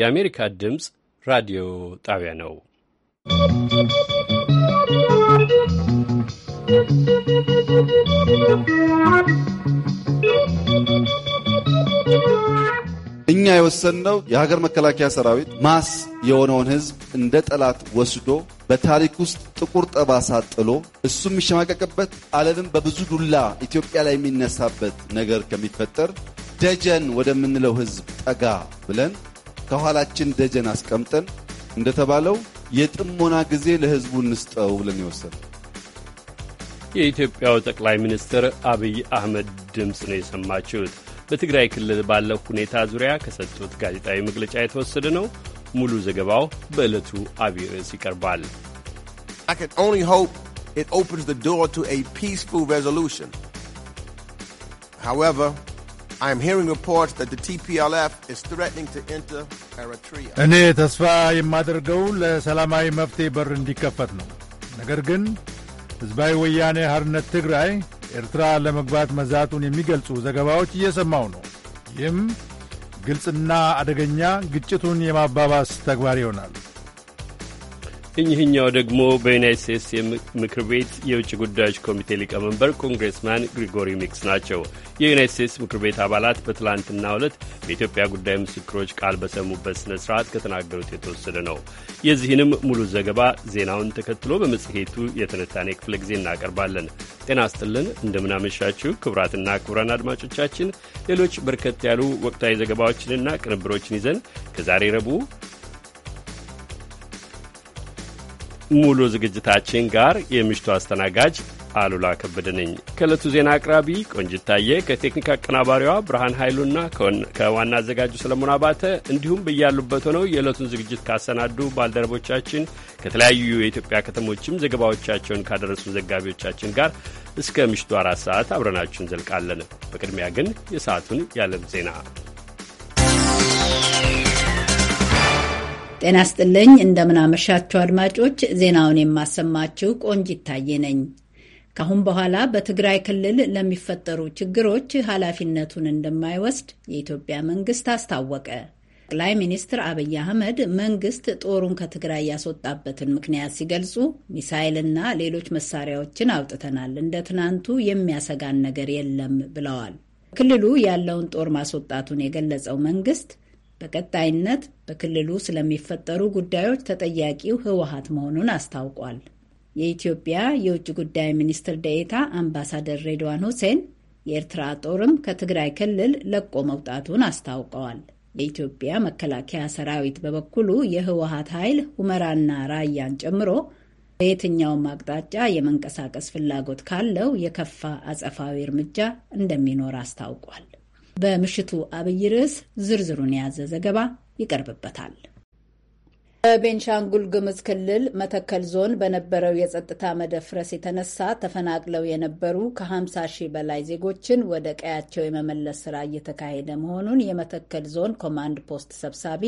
የአሜሪካ ድምፅ ራዲዮ ጣቢያ ነው። እኛ የወሰንነው የሀገር መከላከያ ሰራዊት ማስ የሆነውን ህዝብ እንደ ጠላት ወስዶ በታሪክ ውስጥ ጥቁር ጠባሳ ጥሎ እሱ የሚሸማቀቅበት ዓለምም በብዙ ዱላ ኢትዮጵያ ላይ የሚነሳበት ነገር ከሚፈጠር ደጀን ወደምንለው ህዝብ ጠጋ ብለን ከኋላችን ደጀን አስቀምጠን እንደተባለው የጥሞና ጊዜ ለሕዝቡ እንስጠው ብለን ይወሰን። የኢትዮጵያው ጠቅላይ ሚኒስትር አብይ አህመድ ድምፅ ነው የሰማችሁት። በትግራይ ክልል ባለው ሁኔታ ዙሪያ ከሰጡት ጋዜጣዊ መግለጫ የተወሰደ ነው። ሙሉ ዘገባው በዕለቱ አብይ ርዕስ ይቀርባል። However, እኔ ተስፋ የማደርገው ለሰላማዊ መፍትሔ በር እንዲከፈት ነው። ነገር ግን ሕዝባዊ ወያኔ ሐርነት ትግራይ ኤርትራ ለመግባት መዛቱን የሚገልጹ ዘገባዎች እየሰማው ነው። ይህም ግልጽና አደገኛ ግጭቱን የማባባስ ተግባር ይሆናል። እኚህኛው ደግሞ በዩናይት ስቴትስ ምክር ቤት የውጭ ጉዳዮች ኮሚቴ ሊቀመንበር ኮንግሬስማን ግሪጎሪ ሚክስ ናቸው። የዩናይት ስቴትስ ምክር ቤት አባላት በትላንትናው ዕለት በኢትዮጵያ ጉዳይ ምስክሮች ቃል በሰሙበት ስነ ስርዓት ከተናገሩት የተወሰደ ነው። የዚህንም ሙሉ ዘገባ ዜናውን ተከትሎ በመጽሔቱ የትንታኔ ክፍለ ጊዜ እናቀርባለን። ጤና ስጥልን፣ እንደምናመሻችሁ ክቡራትና ክቡራን አድማጮቻችን ሌሎች በርከት ያሉ ወቅታዊ ዘገባዎችንና ቅንብሮችን ይዘን ከዛሬ ረቡዕ ሙሉ ዝግጅታችን ጋር የምሽቱ አስተናጋጅ አሉላ ከበደ ነኝ። ከእለቱ ዜና አቅራቢ ቆንጅታየ፣ ከቴክኒክ አቀናባሪዋ ብርሃን ኃይሉና ከዋና አዘጋጁ ሰለሞን አባተ እንዲሁም በያሉበት ሆነው የዕለቱን ዝግጅት ካሰናዱ ባልደረቦቻችን ከተለያዩ የኢትዮጵያ ከተሞችም ዘገባዎቻቸውን ካደረሱ ዘጋቢዎቻችን ጋር እስከ ምሽቱ አራት ሰዓት አብረናችሁን እንዘልቃለን። በቅድሚያ ግን የሰዓቱን የዓለም ዜና ጤና ስጥልኝ እንደምናመሻችሁ አድማጮች፣ ዜናውን የማሰማችው ቆንጅ ይታየ ነኝ። ከአሁን በኋላ በትግራይ ክልል ለሚፈጠሩ ችግሮች ኃላፊነቱን እንደማይወስድ የኢትዮጵያ መንግስት አስታወቀ። ጠቅላይ ሚኒስትር አብይ አህመድ መንግስት ጦሩን ከትግራይ ያስወጣበትን ምክንያት ሲገልጹ ሚሳይልና ሌሎች መሳሪያዎችን አውጥተናል፣ እንደ ትናንቱ የሚያሰጋን ነገር የለም ብለዋል። ክልሉ ያለውን ጦር ማስወጣቱን የገለጸው መንግስት በቀጣይነት በክልሉ ስለሚፈጠሩ ጉዳዮች ተጠያቂው ህወሀት መሆኑን አስታውቋል። የኢትዮጵያ የውጭ ጉዳይ ሚኒስትር ደኤታ አምባሳደር ሬድዋን ሁሴን የኤርትራ ጦርም ከትግራይ ክልል ለቆ መውጣቱን አስታውቀዋል። የኢትዮጵያ መከላከያ ሰራዊት በበኩሉ የህወሀት ኃይል ሁመራና ራያን ጨምሮ በየትኛውም አቅጣጫ የመንቀሳቀስ ፍላጎት ካለው የከፋ አጸፋዊ እርምጃ እንደሚኖር አስታውቋል። በምሽቱ አብይ ርዕስ ዝርዝሩን የያዘ ዘገባ ይቀርብበታል። በቤንሻንጉል ጉምዝ ክልል መተከል ዞን በነበረው የጸጥታ መደፍረስ የተነሳ ተፈናቅለው የነበሩ ከ50 ሺህ በላይ ዜጎችን ወደ ቀያቸው የመመለስ ስራ እየተካሄደ መሆኑን የመተከል ዞን ኮማንድ ፖስት ሰብሳቢ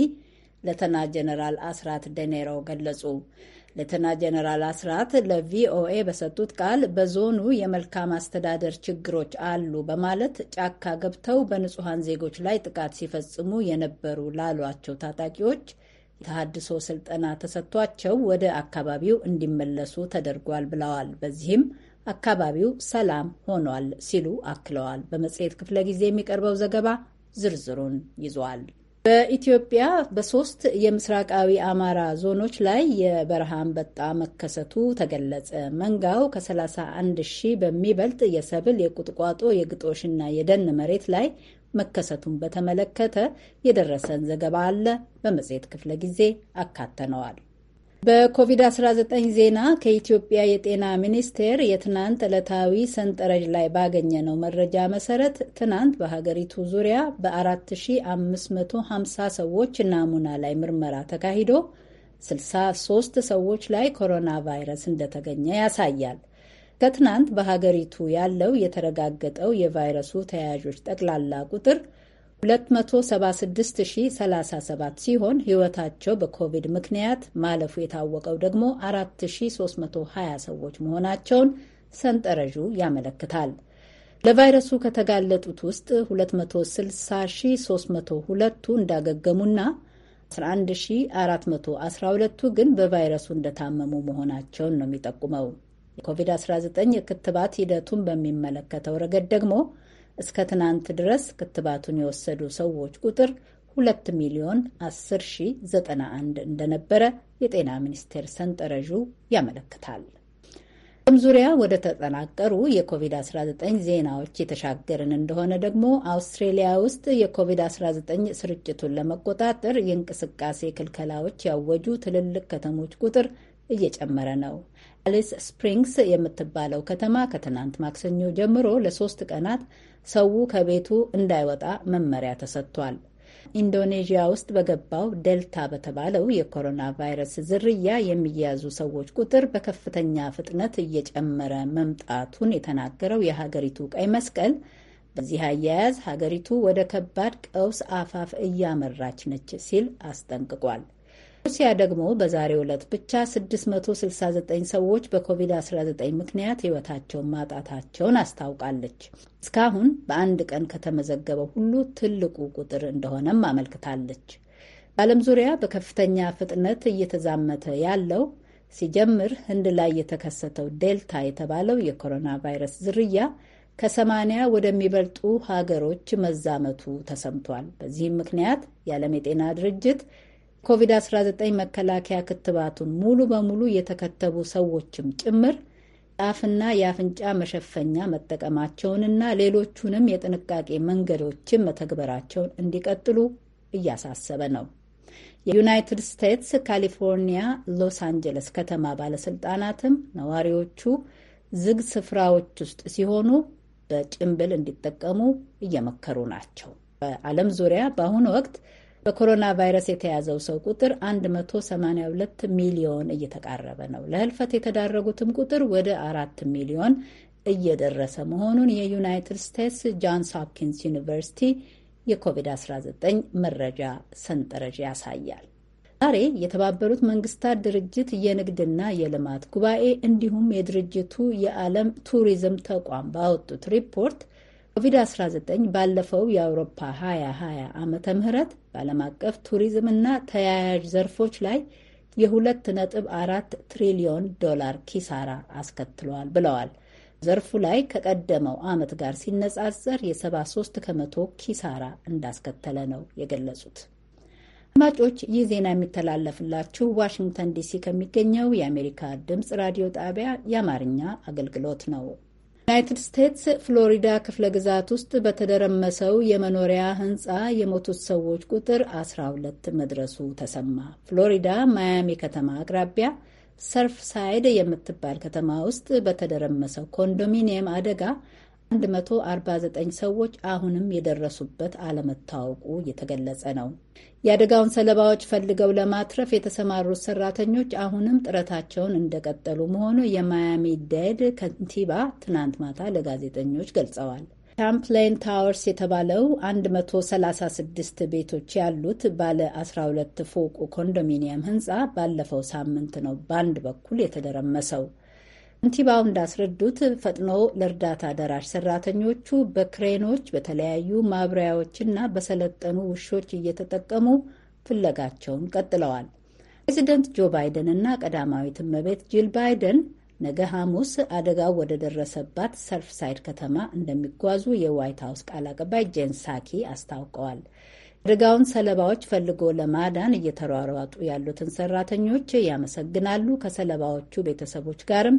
ለተና ጀነራል አስራት ደኔሮ ገለጹ። ሌተና ጀነራል አስራት ለቪኦኤ በሰጡት ቃል በዞኑ የመልካም አስተዳደር ችግሮች አሉ በማለት ጫካ ገብተው በንጹሐን ዜጎች ላይ ጥቃት ሲፈጽሙ የነበሩ ላሏቸው ታጣቂዎች የተሃድሶ ስልጠና ተሰጥቷቸው ወደ አካባቢው እንዲመለሱ ተደርጓል ብለዋል። በዚህም አካባቢው ሰላም ሆኗል ሲሉ አክለዋል። በመጽሔት ክፍለ ጊዜ የሚቀርበው ዘገባ ዝርዝሩን ይዟል። በኢትዮጵያ በሶስት የምስራቃዊ አማራ ዞኖች ላይ የበረሃ አንበጣ መከሰቱ ተገለጸ። መንጋው ከ31 ሺህ በሚበልጥ የሰብል የቁጥቋጦ የግጦሽና የደን መሬት ላይ መከሰቱን በተመለከተ የደረሰን ዘገባ አለ። በመጽሔት ክፍለ ጊዜ አካተነዋል። በኮቪድ-19 ዜና ከኢትዮጵያ የጤና ሚኒስቴር የትናንት ዕለታዊ ሰንጠረዥ ላይ ባገኘነው መረጃ መሰረት ትናንት በሀገሪቱ ዙሪያ በ4550 ሰዎች ናሙና ላይ ምርመራ ተካሂዶ 63 ሰዎች ላይ ኮሮና ቫይረስ እንደተገኘ ያሳያል። ከትናንት በሀገሪቱ ያለው የተረጋገጠው የቫይረሱ ተያያዦች ጠቅላላ ቁጥር 276,037 ሲሆን ሕይወታቸው በኮቪድ ምክንያት ማለፉ የታወቀው ደግሞ 4320 ሰዎች መሆናቸውን ሰንጠረዡ ያመለክታል። ለቫይረሱ ከተጋለጡት ውስጥ 260302ቱ እንዳገገሙና 11412ቱ ግን በቫይረሱ እንደታመሙ መሆናቸውን ነው የሚጠቁመው። የኮቪድ-19 የክትባት ሂደቱን በሚመለከተው ረገድ ደግሞ እስከ ትናንት ድረስ ክትባቱን የወሰዱ ሰዎች ቁጥር 2 ሚሊዮን 91 እንደነበረ የጤና ሚኒስቴር ሰንጠረዡ ያመለክታል። ም ዙሪያ ወደ ተጠናቀሩ የኮቪድ-19 ዜናዎች የተሻገርን እንደሆነ ደግሞ አውስትሬሊያ ውስጥ የኮቪድ-19 ስርጭቱን ለመቆጣጠር የእንቅስቃሴ ክልከላዎች ያወጁ ትልልቅ ከተሞች ቁጥር እየጨመረ ነው። አሊስ ስፕሪንግስ የምትባለው ከተማ ከትናንት ማክሰኞ ጀምሮ ለሶስት ቀናት ሰው ከቤቱ እንዳይወጣ መመሪያ ተሰጥቷል። ኢንዶኔዥያ ውስጥ በገባው ዴልታ በተባለው የኮሮና ቫይረስ ዝርያ የሚያዙ ሰዎች ቁጥር በከፍተኛ ፍጥነት እየጨመረ መምጣቱን የተናገረው የሀገሪቱ ቀይ መስቀል በዚህ አያያዝ ሀገሪቱ ወደ ከባድ ቀውስ አፋፍ እያመራች ነች ሲል አስጠንቅቋል። ሩሲያ ደግሞ በዛሬው ዕለት ብቻ 669 ሰዎች በኮቪድ-19 ምክንያት ሕይወታቸውን ማጣታቸውን አስታውቃለች። እስካሁን በአንድ ቀን ከተመዘገበው ሁሉ ትልቁ ቁጥር እንደሆነም አመልክታለች። በዓለም ዙሪያ በከፍተኛ ፍጥነት እየተዛመተ ያለው ሲጀምር ህንድ ላይ የተከሰተው ዴልታ የተባለው የኮሮና ቫይረስ ዝርያ ከሰማንያ ወደሚበልጡ ሀገሮች መዛመቱ ተሰምቷል። በዚህም ምክንያት የዓለም የጤና ድርጅት ኮቪድ-19 መከላከያ ክትባቱን ሙሉ በሙሉ የተከተቡ ሰዎችም ጭምር አፍና የአፍንጫ መሸፈኛ መጠቀማቸውንና ሌሎቹንም የጥንቃቄ መንገዶችን መተግበራቸውን እንዲቀጥሉ እያሳሰበ ነው። የዩናይትድ ስቴትስ ካሊፎርኒያ ሎስ አንጀለስ ከተማ ባለስልጣናትም ነዋሪዎቹ ዝግ ስፍራዎች ውስጥ ሲሆኑ በጭንብል እንዲጠቀሙ እየመከሩ ናቸው። በዓለም ዙሪያ በአሁኑ ወቅት በኮሮና ቫይረስ የተያዘው ሰው ቁጥር 182 ሚሊዮን እየተቃረበ ነው። ለህልፈት የተዳረጉትም ቁጥር ወደ አራት ሚሊዮን እየደረሰ መሆኑን የዩናይትድ ስቴትስ ጆንስ ሆፕኪንስ ዩኒቨርሲቲ የኮቪድ-19 መረጃ ሰንጠረዥ ያሳያል። ዛሬ የተባበሩት መንግስታት ድርጅት የንግድና የልማት ጉባኤ እንዲሁም የድርጅቱ የዓለም ቱሪዝም ተቋም ባወጡት ሪፖርት ኮቪድ-19 ባለፈው የአውሮፓ 2020 ዓመተ ምህረት በዓለም አቀፍ ቱሪዝም እና ተያያዥ ዘርፎች ላይ የሁለት ነጥብ ትሪሊዮን ዶላር ኪሳራ አስከትሏል ብለዋል። ዘርፉ ላይ ከቀደመው ዓመት ጋር ሲነጻጸር የ73 ከመቶ ኪሳራ እንዳስከተለ ነው የገለጹት። አድማጮች፣ ይህ ዜና የሚተላለፍላችሁ ዋሽንግተን ዲሲ ከሚገኘው የአሜሪካ ድምፅ ራዲዮ ጣቢያ የአማርኛ አገልግሎት ነው። ዩናይትድ ስቴትስ ፍሎሪዳ ክፍለ ግዛት ውስጥ በተደረመሰው የመኖሪያ ህንፃ የሞቱት ሰዎች ቁጥር 12 መድረሱ ተሰማ። ፍሎሪዳ ማያሚ ከተማ አቅራቢያ ሰርፍ ሳይድ የምትባል ከተማ ውስጥ በተደረመሰው ኮንዶሚኒየም አደጋ 149 ሰዎች አሁንም የደረሱበት አለመታወቁ እየተገለጸ ነው። የአደጋውን ሰለባዎች ፈልገው ለማትረፍ የተሰማሩት ሰራተኞች አሁንም ጥረታቸውን እንደቀጠሉ መሆኑ የማያሚ ዴድ ከንቲባ ትናንት ማታ ለጋዜጠኞች ገልጸዋል። ቻምፕላይን ታወርስ የተባለው 136 ቤቶች ያሉት ባለ 12 ፎቁ ኮንዶሚኒየም ህንፃ ባለፈው ሳምንት ነው በአንድ በኩል የተደረመሰው። ከንቲባው እንዳስረዱት ፈጥኖ ለእርዳታ ደራሽ ሰራተኞቹ በክሬኖች በተለያዩ ማብሪያዎችና በሰለጠኑ ውሾች እየተጠቀሙ ፍለጋቸውን ቀጥለዋል። ፕሬዚደንት ጆ ባይደን እና ቀዳማዊት እመቤት ጂል ባይደን ነገ ሐሙስ አደጋው ወደ ደረሰባት ሰርፍሳይድ ከተማ እንደሚጓዙ የዋይት ሀውስ ቃል አቀባይ ጄን ሳኪ አስታውቀዋል። አደጋውን ሰለባዎች ፈልጎ ለማዳን እየተሯሯጡ ያሉትን ሰራተኞች ያመሰግናሉ። ከሰለባዎቹ ቤተሰቦች ጋርም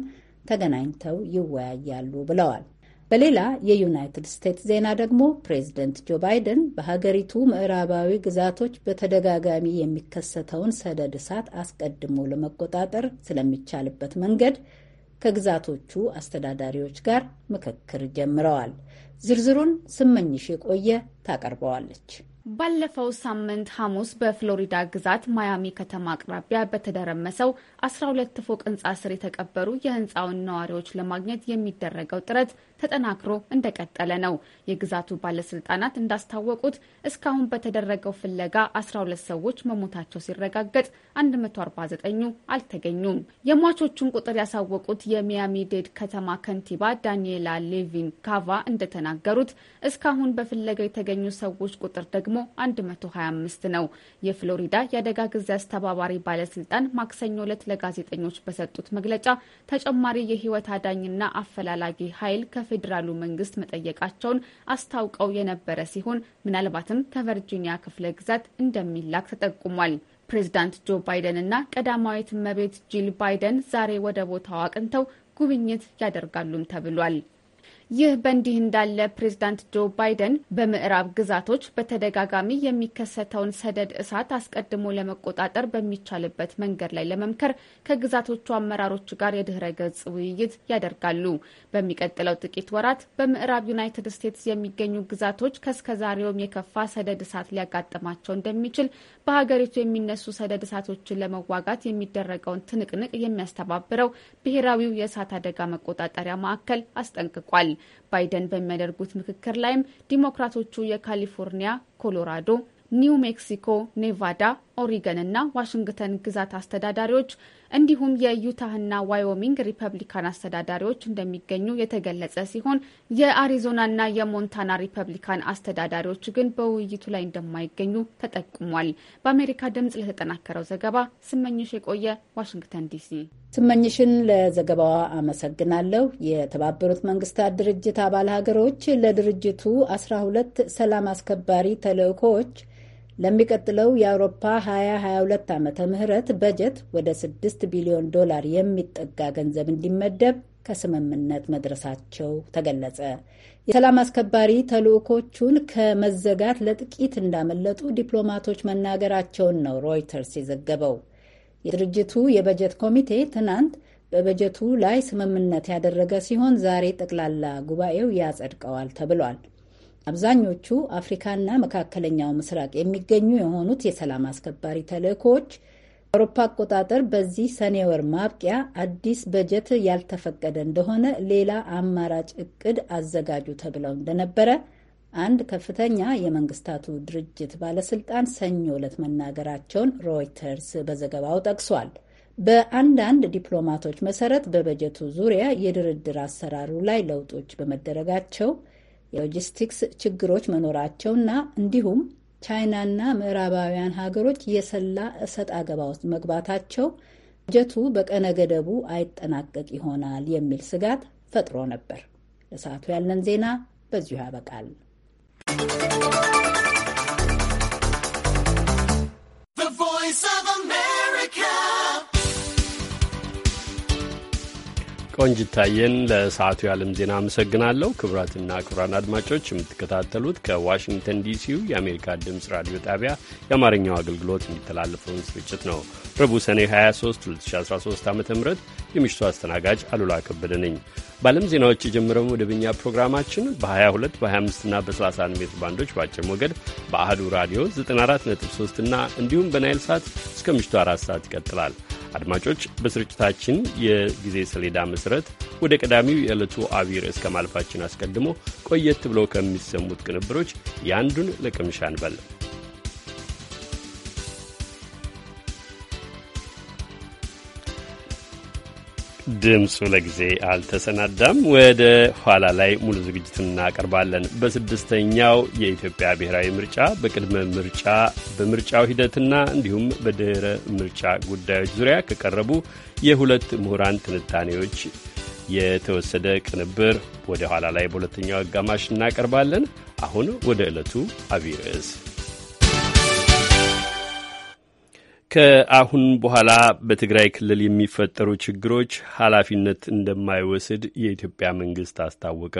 ተገናኝተው ይወያያሉ ብለዋል። በሌላ የዩናይትድ ስቴትስ ዜና ደግሞ ፕሬዝደንት ጆ ባይደን በሀገሪቱ ምዕራባዊ ግዛቶች በተደጋጋሚ የሚከሰተውን ሰደድ እሳት አስቀድሞ ለመቆጣጠር ስለሚቻልበት መንገድ ከግዛቶቹ አስተዳዳሪዎች ጋር ምክክር ጀምረዋል። ዝርዝሩን ስመኝሽ የቆየ ታቀርበዋለች። ባለፈው ሳምንት ሐሙስ በፍሎሪዳ ግዛት ማያሚ ከተማ አቅራቢያ በተደረመሰው 12 ፎቅ ህንፃ ስር የተቀበሩ የህንፃውን ነዋሪዎች ለማግኘት የሚደረገው ጥረት ተጠናክሮ እንደቀጠለ ነው። የግዛቱ ባለስልጣናት እንዳስታወቁት እስካሁን በተደረገው ፍለጋ 12 ሰዎች መሞታቸው ሲረጋገጥ 149ኙ አልተገኙም። የሟቾቹን ቁጥር ያሳወቁት የሚያሚ ዴድ ከተማ ከንቲባ ዳንኤላ ሌቪን ካቫ እንደተናገሩት እስካሁን በፍለጋ የተገኙ ሰዎች ቁጥር ደግሞ 125 ነው። የፍሎሪዳ የአደጋ ጊዜ አስተባባሪ ባለስልጣን ማክሰኞ ዕለት ለጋዜጠኞች በሰጡት መግለጫ ተጨማሪ የህይወት አዳኝና አፈላላጊ ኃይል ከፌዴራሉ መንግስት መጠየቃቸውን አስታውቀው የነበረ ሲሆን ምናልባትም ከቨርጂኒያ ክፍለ ግዛት እንደሚላክ ተጠቁሟል። ፕሬዚዳንት ጆ ባይደን እና ቀዳማዊት እመቤት ጂል ባይደን ዛሬ ወደ ቦታው አቅንተው ጉብኝት ያደርጋሉም ተብሏል። ይህ በእንዲህ እንዳለ ፕሬዝዳንት ጆ ባይደን በምዕራብ ግዛቶች በተደጋጋሚ የሚከሰተውን ሰደድ እሳት አስቀድሞ ለመቆጣጠር በሚቻልበት መንገድ ላይ ለመምከር ከግዛቶቹ አመራሮች ጋር የድህረ ገጽ ውይይት ያደርጋሉ። በሚቀጥለው ጥቂት ወራት በምዕራብ ዩናይትድ ስቴትስ የሚገኙ ግዛቶች ከእስከዛሬውም የከፋ ሰደድ እሳት ሊያጋጥማቸው እንደሚችል በሀገሪቱ የሚነሱ ሰደድ እሳቶችን ለመዋጋት የሚደረገውን ትንቅንቅ የሚያስተባብረው ብሔራዊው የእሳት አደጋ መቆጣጠሪያ ማዕከል አስጠንቅቋል። ባይደን በሚያደርጉት ምክክር ላይም ዲሞክራቶቹ የካሊፎርኒያ፣ ኮሎራዶ ኒው ሜክሲኮ፣ ኔቫዳ፣ ኦሪገን እና ዋሽንግተን ግዛት አስተዳዳሪዎች እንዲሁም የዩታህና ዋዮሚንግ ሪፐብሊካን አስተዳዳሪዎች እንደሚገኙ የተገለጸ ሲሆን የአሪዞናና የሞንታና ሪፐብሊካን አስተዳዳሪዎች ግን በውይይቱ ላይ እንደማይገኙ ተጠቁሟል። በአሜሪካ ድምጽ ለተጠናከረው ዘገባ ስመኝሽ የቆየ ዋሽንግተን ዲሲ ስመኝሽን ለዘገባዋ አመሰግናለሁ። የተባበሩት መንግስታት ድርጅት አባል ሀገሮች ለድርጅቱ 12 ሰላም አስከባሪ ተልእኮዎች ለሚቀጥለው የአውሮፓ 2022 ዓመተ ምህረት በጀት ወደ 6 ቢሊዮን ዶላር የሚጠጋ ገንዘብ እንዲመደብ ከስምምነት መድረሳቸው ተገለጸ። የሰላም አስከባሪ ተልዕኮቹን ከመዘጋት ለጥቂት እንዳመለጡ ዲፕሎማቶች መናገራቸውን ነው ሮይተርስ የዘገበው። የድርጅቱ የበጀት ኮሚቴ ትናንት በበጀቱ ላይ ስምምነት ያደረገ ሲሆን ዛሬ ጠቅላላ ጉባኤው ያጸድቀዋል ተብሏል። አብዛኞቹ አፍሪካና መካከለኛው ምስራቅ የሚገኙ የሆኑት የሰላም አስከባሪ ተልእኮዎች አውሮፓ አቆጣጠር በዚህ ሰኔ ወር ማብቂያ አዲስ በጀት ያልተፈቀደ እንደሆነ ሌላ አማራጭ እቅድ አዘጋጁ ተብለው እንደነበረ አንድ ከፍተኛ የመንግስታቱ ድርጅት ባለስልጣን ሰኞ ዕለት መናገራቸውን ሮይተርስ በዘገባው ጠቅሷል። በአንዳንድ ዲፕሎማቶች መሰረት በበጀቱ ዙሪያ የድርድር አሰራሩ ላይ ለውጦች በመደረጋቸው የሎጂስቲክስ ችግሮች መኖራቸውና እንዲሁም ቻይናና ምዕራባውያን ሀገሮች የሰላ እሰጥ አገባ ውስጥ መግባታቸው በጀቱ በቀነ ገደቡ አይጠናቀቅ ይሆናል የሚል ስጋት ፈጥሮ ነበር። ለሰዓቱ ያለን ዜና በዚሁ ያበቃል። The voice of man. ቆንጅታየን ለሰዓቱ የዓለም ዜና አመሰግናለሁ። ክቡራትና ክቡራን አድማጮች የምትከታተሉት ከዋሽንግተን ዲሲው የአሜሪካ ድምፅ ራዲዮ ጣቢያ የአማርኛው አገልግሎት የሚተላለፈውን ስርጭት ነው። ረቡዕ ሰኔ 23 2013 ዓ ም የምሽቱ አስተናጋጅ አሉላ ከበደ ነኝ። በዓለም ዜናዎች የጀመረው መደበኛ ፕሮግራማችን በ22 በ25ና በ31 ሜትር ባንዶች በአጭር ሞገድ በአህዱ ራዲዮ 943 እና እንዲሁም በናይል ሳት እስከ ምሽቱ አራት ሰዓት ይቀጥላል። አድማጮች በስርጭታችን የጊዜ ሰሌዳ መሠረት ወደ ቀዳሚው የዕለቱ አብይ ርዕስ ከማለፋችን አስቀድሞ ቆየት ብለው ከሚሰሙት ቅንብሮች የአንዱን ለቅምሻ እንበል። ድምፁ ለጊዜ አልተሰናዳም። ወደ ኋላ ላይ ሙሉ ዝግጅት እናቀርባለን። በስድስተኛው የኢትዮጵያ ብሔራዊ ምርጫ በቅድመ ምርጫ በምርጫው ሂደትና እንዲሁም በድረ ምርጫ ጉዳዮች ዙሪያ ከቀረቡ የሁለት ምሁራን ትንታኔዎች የተወሰደ ቅንብር ወደ ኋላ ላይ በሁለተኛው አጋማሽ እናቀርባለን። አሁን ወደ ዕለቱ አብይ ርዕስ ከአሁን በኋላ በትግራይ ክልል የሚፈጠሩ ችግሮች ኃላፊነት እንደማይወስድ የኢትዮጵያ መንግስት አስታወቀ።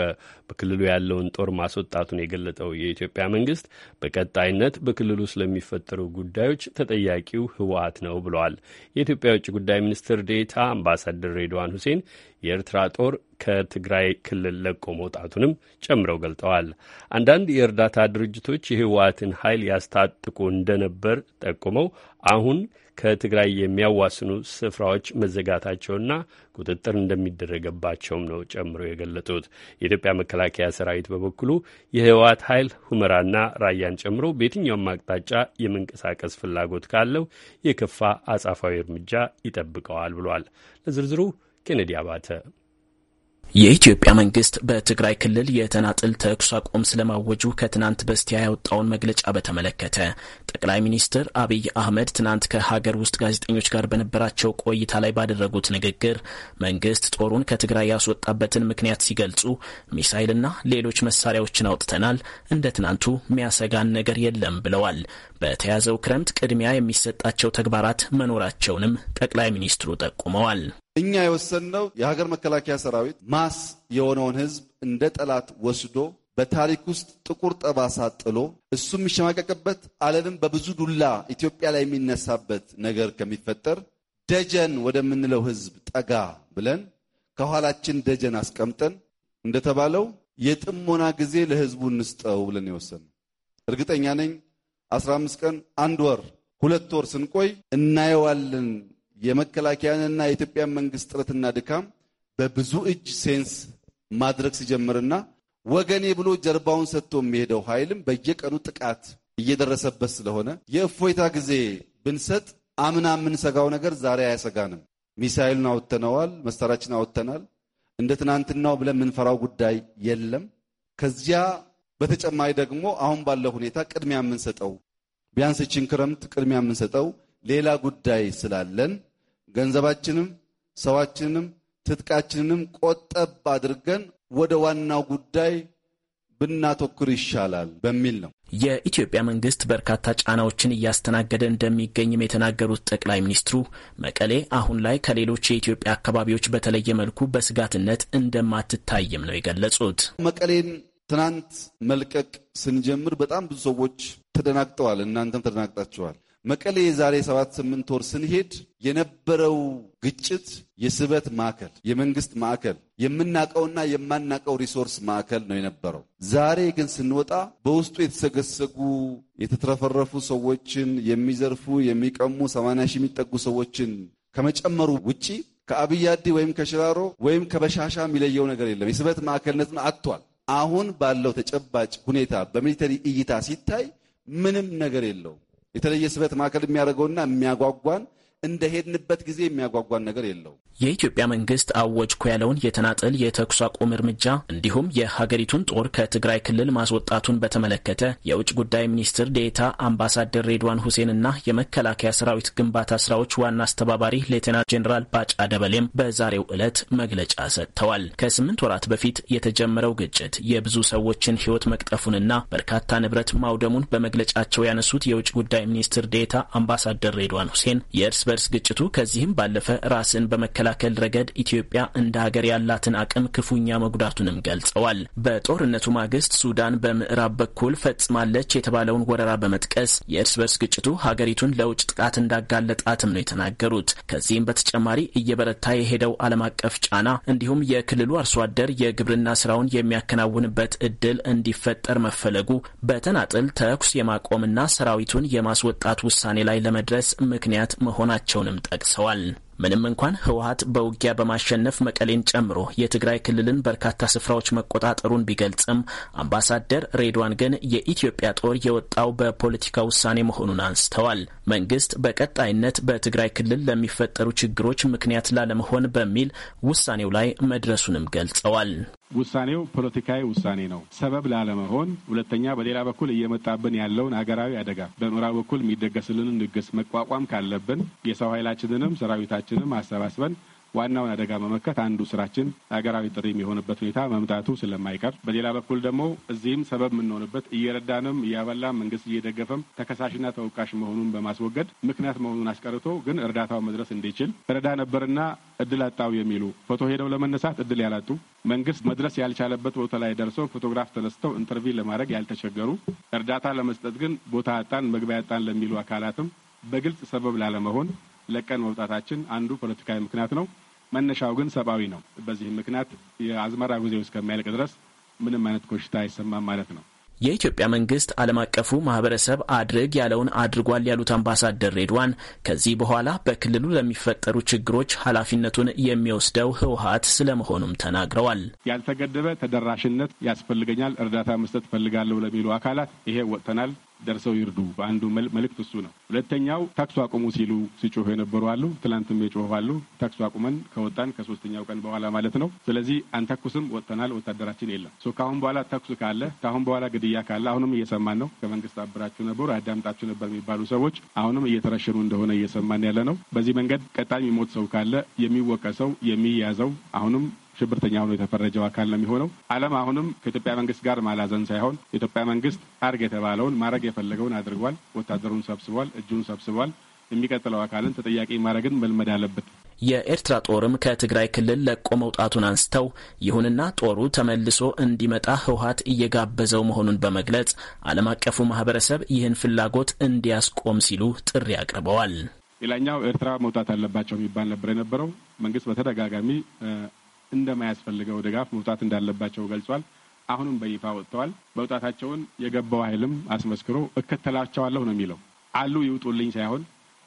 በክልሉ ያለውን ጦር ማስወጣቱን የገለጠው የኢትዮጵያ መንግስት በቀጣይነት በክልሉ ስለሚፈጠሩ ጉዳዮች ተጠያቂው ህወሓት ነው ብለዋል። የኢትዮጵያ የውጭ ጉዳይ ሚኒስትር ዴታ አምባሳደር ሬድዋን ሁሴን የኤርትራ ጦር ከትግራይ ክልል ለቆ መውጣቱንም ጨምረው ገልጠዋል። አንዳንድ የእርዳታ ድርጅቶች የህወሓትን ኃይል ያስታጥቁ እንደነበር ጠቁመው አሁን ከትግራይ የሚያዋስኑ ስፍራዎች መዘጋታቸውና ቁጥጥር እንደሚደረገባቸውም ነው ጨምረው የገለጡት። የኢትዮጵያ መከላከያ ሰራዊት በበኩሉ የህወሓት ኃይል ሁመራና ራያን ጨምሮ በየትኛውም አቅጣጫ የመንቀሳቀስ ፍላጎት ካለው የከፋ አጻፋዊ እርምጃ ይጠብቀዋል ብሏል። ለዝርዝሩ ኬኔዲ አባተ የኢትዮጵያ መንግስት በትግራይ ክልል የተናጥል ተኩስ አቁም ስለማወጁ ከትናንት በስቲያ ያወጣውን መግለጫ በተመለከተ ጠቅላይ ሚኒስትር አብይ አህመድ ትናንት ከሀገር ውስጥ ጋዜጠኞች ጋር በነበራቸው ቆይታ ላይ ባደረጉት ንግግር መንግስት ጦሩን ከትግራይ ያስወጣበትን ምክንያት ሲገልጹ ሚሳይልና ሌሎች መሳሪያዎችን አውጥተናል፣ እንደ ትናንቱ ሚያሰጋን ነገር የለም ብለዋል። በተያዘው ክረምት ቅድሚያ የሚሰጣቸው ተግባራት መኖራቸውንም ጠቅላይ ሚኒስትሩ ጠቁመዋል። እኛ የወሰንነው የሀገር መከላከያ ሰራዊት ማስ የሆነውን ህዝብ እንደ ጠላት ወስዶ በታሪክ ውስጥ ጥቁር ጠባሳ ጥሎ እሱ የሚሸማቀቅበት ዓለምም በብዙ ዱላ ኢትዮጵያ ላይ የሚነሳበት ነገር ከሚፈጠር ደጀን ወደምንለው ህዝብ ጠጋ ብለን ከኋላችን ደጀን አስቀምጠን እንደተባለው የጥሞና ጊዜ ለህዝቡ እንስጠው ብለን የወሰን እርግጠኛ ነኝ 15 ቀን፣ አንድ ወር፣ ሁለት ወር ስንቆይ እናየዋለን። የመከላከያንና የኢትዮጵያን መንግስት ጥረትና ድካም በብዙ እጅ ሴንስ ማድረግ ሲጀምርና ወገኔ ብሎ ጀርባውን ሰጥቶ የሚሄደው ኃይልም በየቀኑ ጥቃት እየደረሰበት ስለሆነ የእፎይታ ጊዜ ብንሰጥ አምና የምንሰጋው ነገር ዛሬ አያሰጋንም። ሚሳይሉን አወጥተነዋል፣ መሳሪያችን አወተናል። እንደ ትናንትናው ብለን የምንፈራው ጉዳይ የለም። ከዚያ በተጨማሪ ደግሞ አሁን ባለው ሁኔታ ቅድሚያ የምንሰጠው ቢያንስ ይችን ክረምት ቅድሚያ የምንሰጠው ሌላ ጉዳይ ስላለን ገንዘባችንም ሰዋችንም ትጥቃችንንም ቆጠብ አድርገን ወደ ዋናው ጉዳይ ብናተኩር ይሻላል በሚል ነው። የኢትዮጵያ መንግስት በርካታ ጫናዎችን እያስተናገደ እንደሚገኝም የተናገሩት ጠቅላይ ሚኒስትሩ መቀሌ አሁን ላይ ከሌሎች የኢትዮጵያ አካባቢዎች በተለየ መልኩ በስጋትነት እንደማትታይም ነው የገለጹት። መቀሌን ትናንት መልቀቅ ስንጀምር በጣም ብዙ ሰዎች ተደናግጠዋል። እናንተም ተደናግጣችኋል። መቀሌ የዛሬ ሰባት ስምንት ወር ስንሄድ የነበረው ግጭት የስበት ማዕከል፣ የመንግስት ማዕከል፣ የምናቀውና የማናቀው ሪሶርስ ማዕከል ነው የነበረው። ዛሬ ግን ስንወጣ በውስጡ የተሰገሰጉ የተትረፈረፉ ሰዎችን የሚዘርፉ የሚቀሙ ሰማንያ ሺህ የሚጠጉ ሰዎችን ከመጨመሩ ውጪ ከአብያዴ ወይም ከሽራሮ ወይም ከበሻሻ የሚለየው ነገር የለም። የስበት ማዕከልነትን አጥቷል። አሁን ባለው ተጨባጭ ሁኔታ በሚሊተሪ እይታ ሲታይ ምንም ነገር የለውም። የተለየ ስበት ማዕከል የሚያደርገውና የሚያጓጓን እንደሄድንበት ጊዜ የሚያጓጓን ነገር የለው። የኢትዮጵያ መንግስት አወጅኩ ያለውን የተናጠል የተኩስ አቁም እርምጃ እንዲሁም የሀገሪቱን ጦር ከትግራይ ክልል ማስወጣቱን በተመለከተ የውጭ ጉዳይ ሚኒስትር ዴታ አምባሳደር ሬድዋን ሁሴንና የመከላከያ ሰራዊት ግንባታ ስራዎች ዋና አስተባባሪ ሌተና ጄኔራል ባጫ ደበሌም በዛሬው ዕለት መግለጫ ሰጥተዋል። ከስምንት ወራት በፊት የተጀመረው ግጭት የብዙ ሰዎችን ህይወት መቅጠፉንና በርካታ ንብረት ማውደሙን በመግለጫቸው ያነሱት የውጭ ጉዳይ ሚኒስትር ዴታ አምባሳደር ሬድዋን ሁሴን የእርስ በርስ ግጭቱ ከዚህም ባለፈ ራስን በመከላከል ረገድ ኢትዮጵያ እንደ ሀገር ያላትን አቅም ክፉኛ መጉዳቱንም ገልጸዋል። በጦርነቱ ማግስት ሱዳን በምዕራብ በኩል ፈጽማለች የተባለውን ወረራ በመጥቀስ የእርስ በርስ ግጭቱ ሀገሪቱን ለውጭ ጥቃት እንዳጋለጣትም ነው የተናገሩት። ከዚህም በተጨማሪ እየበረታ የሄደው ዓለም አቀፍ ጫና እንዲሁም የክልሉ አርሶ አደር የግብርና ስራውን የሚያከናውንበት እድል እንዲፈጠር መፈለጉ በተናጥል ተኩስ የማቆምና ሰራዊቱን የማስወጣት ውሳኔ ላይ ለመድረስ ምክንያት መሆናል መሆናቸውንም ጠቅሰዋል። ምንም እንኳን ህወሀት በውጊያ በማሸነፍ መቀሌን ጨምሮ የትግራይ ክልልን በርካታ ስፍራዎች መቆጣጠሩን ቢገልጽም አምባሳደር ሬድዋን ግን የኢትዮጵያ ጦር የወጣው በፖለቲካ ውሳኔ መሆኑን አንስተዋል። መንግስት በቀጣይነት በትግራይ ክልል ለሚፈጠሩ ችግሮች ምክንያት ላለመሆን በሚል ውሳኔው ላይ መድረሱንም ገልጸዋል። ውሳኔው ፖለቲካዊ ውሳኔ ነው፣ ሰበብ ላለመሆን። ሁለተኛ በሌላ በኩል እየመጣብን ያለውን ሀገራዊ አደጋ በምዕራብ በኩል የሚደገስልን ንግስ መቋቋም ካለብን የሰው ኃይላችንንም ሰራዊታችንም አሰባስበን ዋናውን አደጋ መመከት አንዱ ስራችን ሀገራዊ ጥሪ የሚሆንበት ሁኔታ መምጣቱ ስለማይቀር፣ በሌላ በኩል ደግሞ እዚህም ሰበብ የምንሆንበት እየረዳንም እያበላም መንግስት እየደገፈም ተከሳሽና ተወቃሽ መሆኑን በማስወገድ ምክንያት መሆኑን አስቀርቶ ግን እርዳታው መድረስ እንዲችል ረዳ ነበርና እድል አጣው የሚሉ ፎቶ ሄደው ለመነሳት እድል ያላጡ መንግስት መድረስ ያልቻለበት ቦታ ላይ ደርሰው ፎቶግራፍ ተነስተው ኢንተርቪ ለማድረግ ያልተቸገሩ እርዳታ ለመስጠት ግን ቦታ አጣን መግቢያ አጣን ለሚሉ አካላትም በግልጽ ሰበብ ላለመሆን ለቀን መውጣታችን አንዱ ፖለቲካዊ ምክንያት ነው። መነሻው ግን ሰብአዊ ነው። በዚህም ምክንያት የአዝመራ ጊዜው እስከሚያልቅ ድረስ ምንም አይነት ኮሽታ አይሰማም ማለት ነው። የኢትዮጵያ መንግስት ዓለም አቀፉ ማህበረሰብ አድርግ ያለውን አድርጓል ያሉት አምባሳደር ሬድዋን ከዚህ በኋላ በክልሉ ለሚፈጠሩ ችግሮች ኃላፊነቱን የሚወስደው ህወሀት ስለመሆኑም ተናግረዋል። ያልተገደበ ተደራሽነት ያስፈልገኛል፣ እርዳታ መስጠት ፈልጋለሁ ለሚሉ አካላት ይሄ ወጥተናል ደርሰው ይርዱ። በአንዱ መልእክት እሱ ነው። ሁለተኛው ታክሱ አቁሙ ሲሉ ሲጮሁ የነበሩ አሉ። ትላንትም የጮሁ አሉ። ታክሱ አቁመን ከወጣን ከሶስተኛው ቀን በኋላ ማለት ነው። ስለዚህ አንተኩስም፣ ወጥተናል፣ ወታደራችን የለም። ከአሁን በኋላ ተኩስ ካለ፣ ከአሁን በኋላ ግድያ ካለ አሁንም እየሰማን ነው። ከመንግስት አብራችሁ ነበሩ አዳምጣችሁ ነበር የሚባሉ ሰዎች አሁንም እየተረሸኑ እንደሆነ እየሰማን ያለ ነው። በዚህ መንገድ ቀጣይ የሚሞት ሰው ካለ የሚወቀሰው የሚያዘው አሁንም ሽብርተኛ ሆኖ የተፈረጀው አካል ነው የሚሆነው። ዓለም አሁንም ከኢትዮጵያ መንግስት ጋር ማላዘን ሳይሆን የኢትዮጵያ መንግስት አርግ የተባለውን ማድረግ የፈለገውን አድርጓል። ወታደሩን ሰብስቧል፣ እጁን ሰብስቧል። የሚቀጥለው አካልን ተጠያቂ ማድረግን መልመድ አለበት። የኤርትራ ጦርም ከትግራይ ክልል ለቆ መውጣቱን አንስተው፣ ይሁንና ጦሩ ተመልሶ እንዲመጣ ህውሀት እየጋበዘው መሆኑን በመግለጽ ዓለም አቀፉ ማህበረሰብ ይህን ፍላጎት እንዲያስቆም ሲሉ ጥሪ አቅርበዋል። ሌላኛው ኤርትራ መውጣት አለባቸው የሚባል ነበር የነበረው። መንግስት በተደጋጋሚ እንደማያስፈልገው ድጋፍ መውጣት እንዳለባቸው ገልጿል። አሁንም በይፋ ወጥተዋል። መውጣታቸውን የገባው ኃይልም አስመስክሮ እከተላቸዋለሁ ነው የሚለው። አሉ ይውጡልኝ ሳይሆን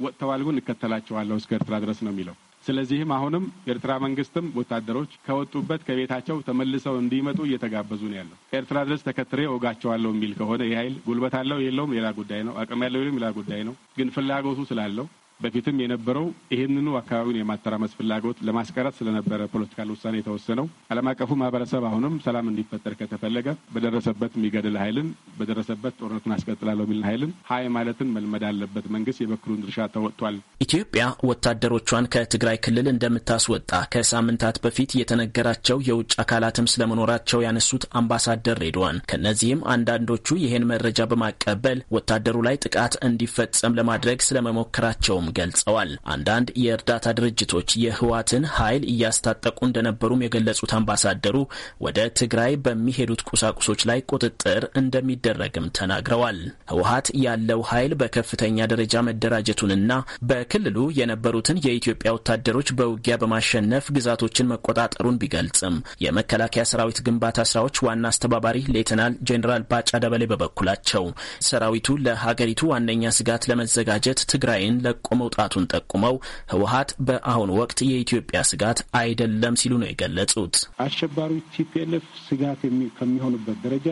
ወጥተዋል፣ ግን እከተላቸዋለሁ እስከ ኤርትራ ድረስ ነው የሚለው። ስለዚህም አሁንም የኤርትራ መንግስትም ወታደሮች ከወጡበት ከቤታቸው ተመልሰው እንዲመጡ እየተጋበዙ ነው ያለው። ኤርትራ ድረስ ተከትሬ ወጋቸዋለሁ የሚል ከሆነ ይህ ኃይል ጉልበት አለው የለውም ሌላ ጉዳይ ነው። አቅም ያለው የለም ሌላ ጉዳይ ነው። ግን ፍላጎቱ ስላለው በፊትም የነበረው ይህንኑ አካባቢውን የማተራመስ ፍላጎት ለማስቀረት ስለነበረ ፖለቲካል ውሳኔ የተወሰነው። ዓለም አቀፉ ማህበረሰብ አሁንም ሰላም እንዲፈጠር ከተፈለገ በደረሰበት የሚገድል ኃይልን በደረሰበት ጦርነቱን አስቀጥላለሁ የሚል ኃይልን ሀይ ማለትን መልመድ አለበት። መንግስት የበኩሉን ድርሻ ተወጥቷል። ኢትዮጵያ ወታደሮቿን ከትግራይ ክልል እንደምታስወጣ ከሳምንታት በፊት የተነገራቸው የውጭ አካላትም ስለመኖራቸው ያነሱት አምባሳደር ሬድዋን ከእነዚህም አንዳንዶቹ ይህን መረጃ በማቀበል ወታደሩ ላይ ጥቃት እንዲፈጸም ለማድረግ ስለመሞከራቸውም ገልጸዋል። አንዳንድ የእርዳታ ድርጅቶች የህወሓትን ኃይል እያስታጠቁ እንደነበሩም የገለጹት አምባሳደሩ ወደ ትግራይ በሚሄዱት ቁሳቁሶች ላይ ቁጥጥር እንደሚደረግም ተናግረዋል። ህወሓት ያለው ኃይል በከፍተኛ ደረጃ መደራጀቱንና በክልሉ የነበሩትን የኢትዮጵያ ወታደሮች በውጊያ በማሸነፍ ግዛቶችን መቆጣጠሩን ቢገልጽም የመከላከያ ሰራዊት ግንባታ ስራዎች ዋና አስተባባሪ ሌተናል ጄኔራል ባጫ ደበሌ በበኩላቸው ሰራዊቱ ለሀገሪቱ ዋነኛ ስጋት ለመዘጋጀት ትግራይን ለቆ መውጣቱን ጠቁመው ህወሀት በአሁኑ ወቅት የኢትዮጵያ ስጋት አይደለም ሲሉ ነው የገለጹት። አሸባሪዎች ቲፒኤልኤፍ ስጋት ከሚሆኑበት ደረጃ